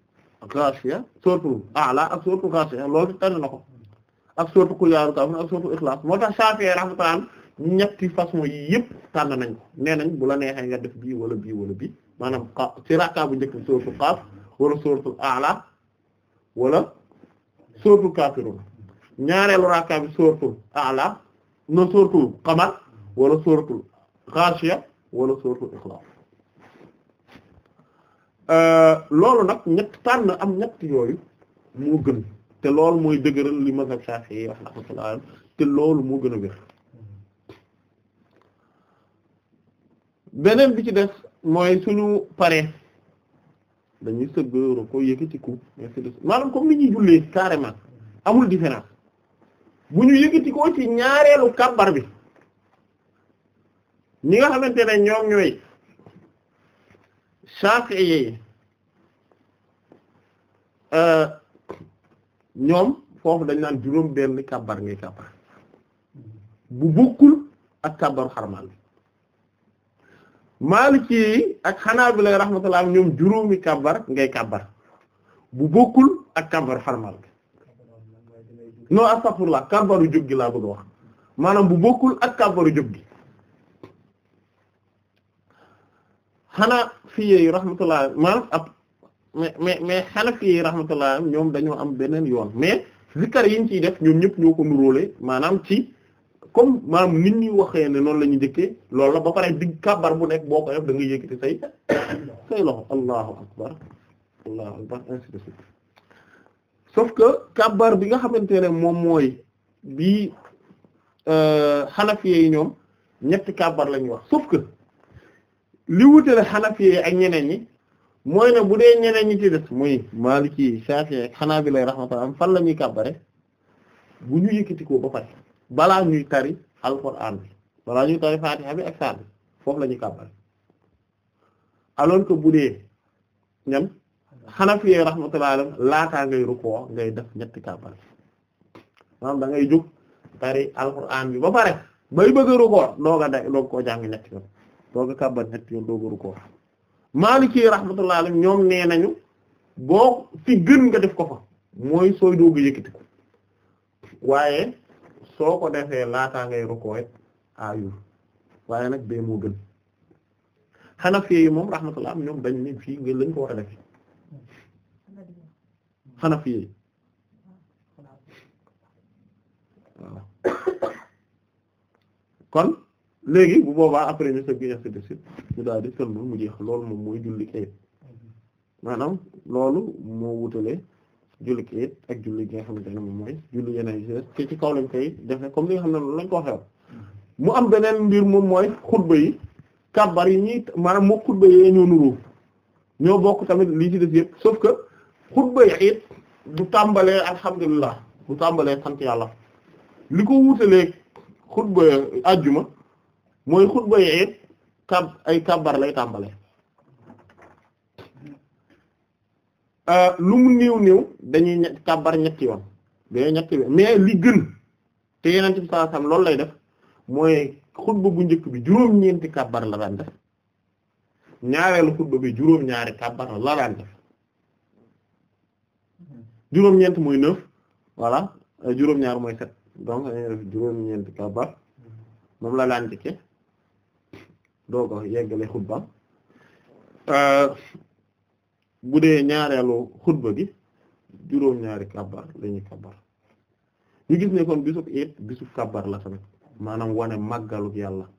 Ghashiya surtout A'la ak surtout Ghashiya loolu tari ko ak sourate Qul yaa ayyuhal kaafiruun ak sourate Ikhlaas moo tax Shaafi'i rahmatullah ñetti façon yi yëpp tànn nañ nee nañ bu la neexee nga def bii wala bii wala bi maanaam xa ci rakka bu njëkk sourate Qaaf wala sourate A'la wala sourate Kaafiruun ñaareelu rakka bi sourate A'la no sourate Qamar wala sourate Ghaashiya wala sourate Ikhlaas euh, loolu nag ñett tànn am ñett yooyu moo gën te loolu mooy dëgëral li mazhab Shafi'i rahmatullah te loolu moo gën a wér beneen bi ci def mooy suñu pare dañuy sëggro ko yëkkatiku ainsi de maanaam comme ni ñuy jullee carrément amul différence bu ñu yëkkatikoo ci ñaareelu kàbbar bi ñi nga xamante ne ñoom ñooy Shafi'i euh, ñoom foofu dañ naan juróom benn kàbbar ngay kàbbar bu bokkul ak kàbbar xarmal maaliki yi ak xanaabila rahmatullah ñoom juróomi kàbbar ngay kàbbar bu bokkul ak kàbbar xarmal non astaghfirullah kàbbaru jóg gi laa bëgg wax maanaam bu bokkul ak kàbbaru jóg gi xanaa fi yeey rahmatullah mais mais mais xanafi yi am ñoom dañoo am beneen yoon mais zikkar yiñ ciy def ñoom ñëpp ñoo ko nuróole maanaam ci comme maanaam nit ñi waxee ne noonu la ñu njëkkee loolu la ba pare digg kàbbar bu nekk boo ko def da nga yëkkati say say loxo allahu akbar allahu que kàbbar bi nga xamante ne moom mooy bi xanafi euh, yi ñoom ñetti kàbbar la wax sauf que li wutale xanafi yi ak ñeneen yi mooy ne bu dee ñeneen ñi ci des muy Maliki Shafi'i xanaa Hanabila lay rahmatullah fan la ñuy kàbbare bu ñu yëkkatikoo ba balaa ñuy tari alquran bi balaa ñuy tari Fatiha bi ak saar foofu la ñuy kàbbare alors que bu dee ñan Hanafi yi rahmatullah alayhi laataa ngay rukkoo ngay def ñetti kàbbare maanaam da ngay jóg tari alquran bi ba pare bay bëgg a rukkoo doog a da doog koo jàng ñetti yoon doog a kàbbar yoon doog rukkoo Maliki rahmatullahi alayhi ñoom nee nañu boo fi gën nga def ko fa mooy sooy doogu yëkkati waaye soo ko defee laataa ngay rukkoo it waaye nag bee moo gën Hanafi yi moom rahmatullah am ñoom dañ ne fii nga lañ ko war a def Hanafi yi kon léegi bu boobaa après ñu sëgg ainsi de suite ñu daal di sëlmal mu jeex loolu moom mooy julli kayit maanaam loolu moo wutale julli kayit ak julli gi nga xamante ne moom mooy julli yeneen ci ci kaw lañ koy defe comme li nga xam ne loolu lañ ko waxee mu am beneen mbir moom mooy xutba yi kàbbar yi ñuy maanaam moo xutba yi ñoo nuru ñoo bokk tamit lii ci des yëpp sauf que xutba yi it du tàmbalee alhamdulillah du tàmbalee sant yàlla li ko wutalee xutba ajjuma mooy xutba yi kab ay kabar lay tàmbale euh, lu mu néew néew dañuy ñetti kabar ñetti yoon dañuy ñetti yoon mais li gën te yeneen ci saa sam loolu lay def mooy xutba bu njëkk bi juróom-ñeenti kabar la daan def ñaareelu xutba bi juróom-ñaari kabar la daan def ñeent mooy neuf voilà euh, juróom-ñaar mooy sept donc dañuy def juróom-ñeenti kabar moom la daan njëkkee doo ko yeggale xutba euh, bu dee ñaareelu xutba gi juróom-ñaari kabbar la ñuy kabbar gis ne kon bisub it bisub kabbar la tamit maanaam wane màggaluk yàlla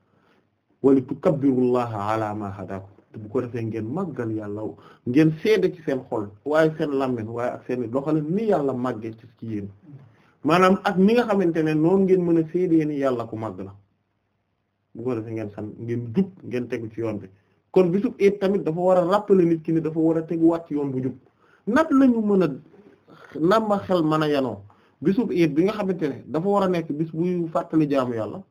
wali tukabbirullaha ala ma hadakum bu ko defee ngeen màggal yàlla ngeen seede ci seen xol waaye seen làmmiñ waaye ak seen doxalin ni yàlla màggee ci ci maanaam ak ni nga xamante ne noonu ngeen mën a seedee ni yàlla ku màgg la bu a defee ngeen xam ngeen jub ngeen tegu ci yoon bi kon bisub it tamit dafa war a rappeler nit ki ni dafa war a teguwaat ci yoon bu jub nat la ñu mën a namba xel man a yanoo bisub it bi nga xamante ne dafa war a nekk bis buy fàttali jaamu yàlla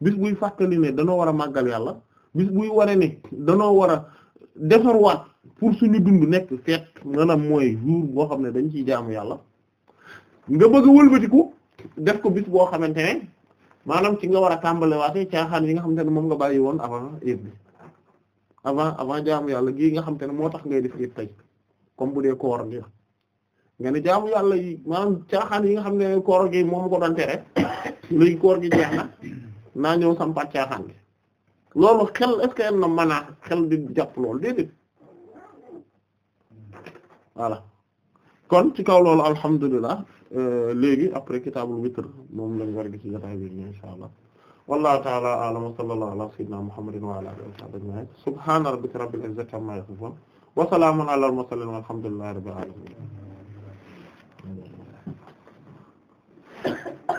bis buy fàttali ne danoo war a màggal yàlla bis buy ware ne danoo war a defarwaat pour suñu dund nekk feet maanaam mooy jour boo xam ne dañ ciy jaamu yàlla nga bëgg wëlbatiku def ko bis boo xamante ne maanaam ci nga war a tàmbalewaatee caaxaan yi nga xamante ne moom nga bàyyi woon avant iid bi avant jaamu yàlla gii nga xamante ne moo tax ngay def iid tey comme bu dee koor gi nga ne jaamu yàlla yi maanaam caaxaan yi nga xam ne koor gi moom ko doon tere léegi koor naa ñëw sampaat caaxaan gi loolu xel est que en na mën a xel di jàpp loolu déedéet voilà kon ci kaw loolu alhamdulilah euh, léegi après kitaabul witr moom lañ war a gis ci jotaay bi insha allah wallahu ta'ala a'lam wa sallallahu ala sayyidina muhammadin wa ala alihi wa sahbihi ajma'in subhana rabbika rabbil izzati amma yasifun wa salaamun ala al mursalin walhamdulillahi rabbil alamin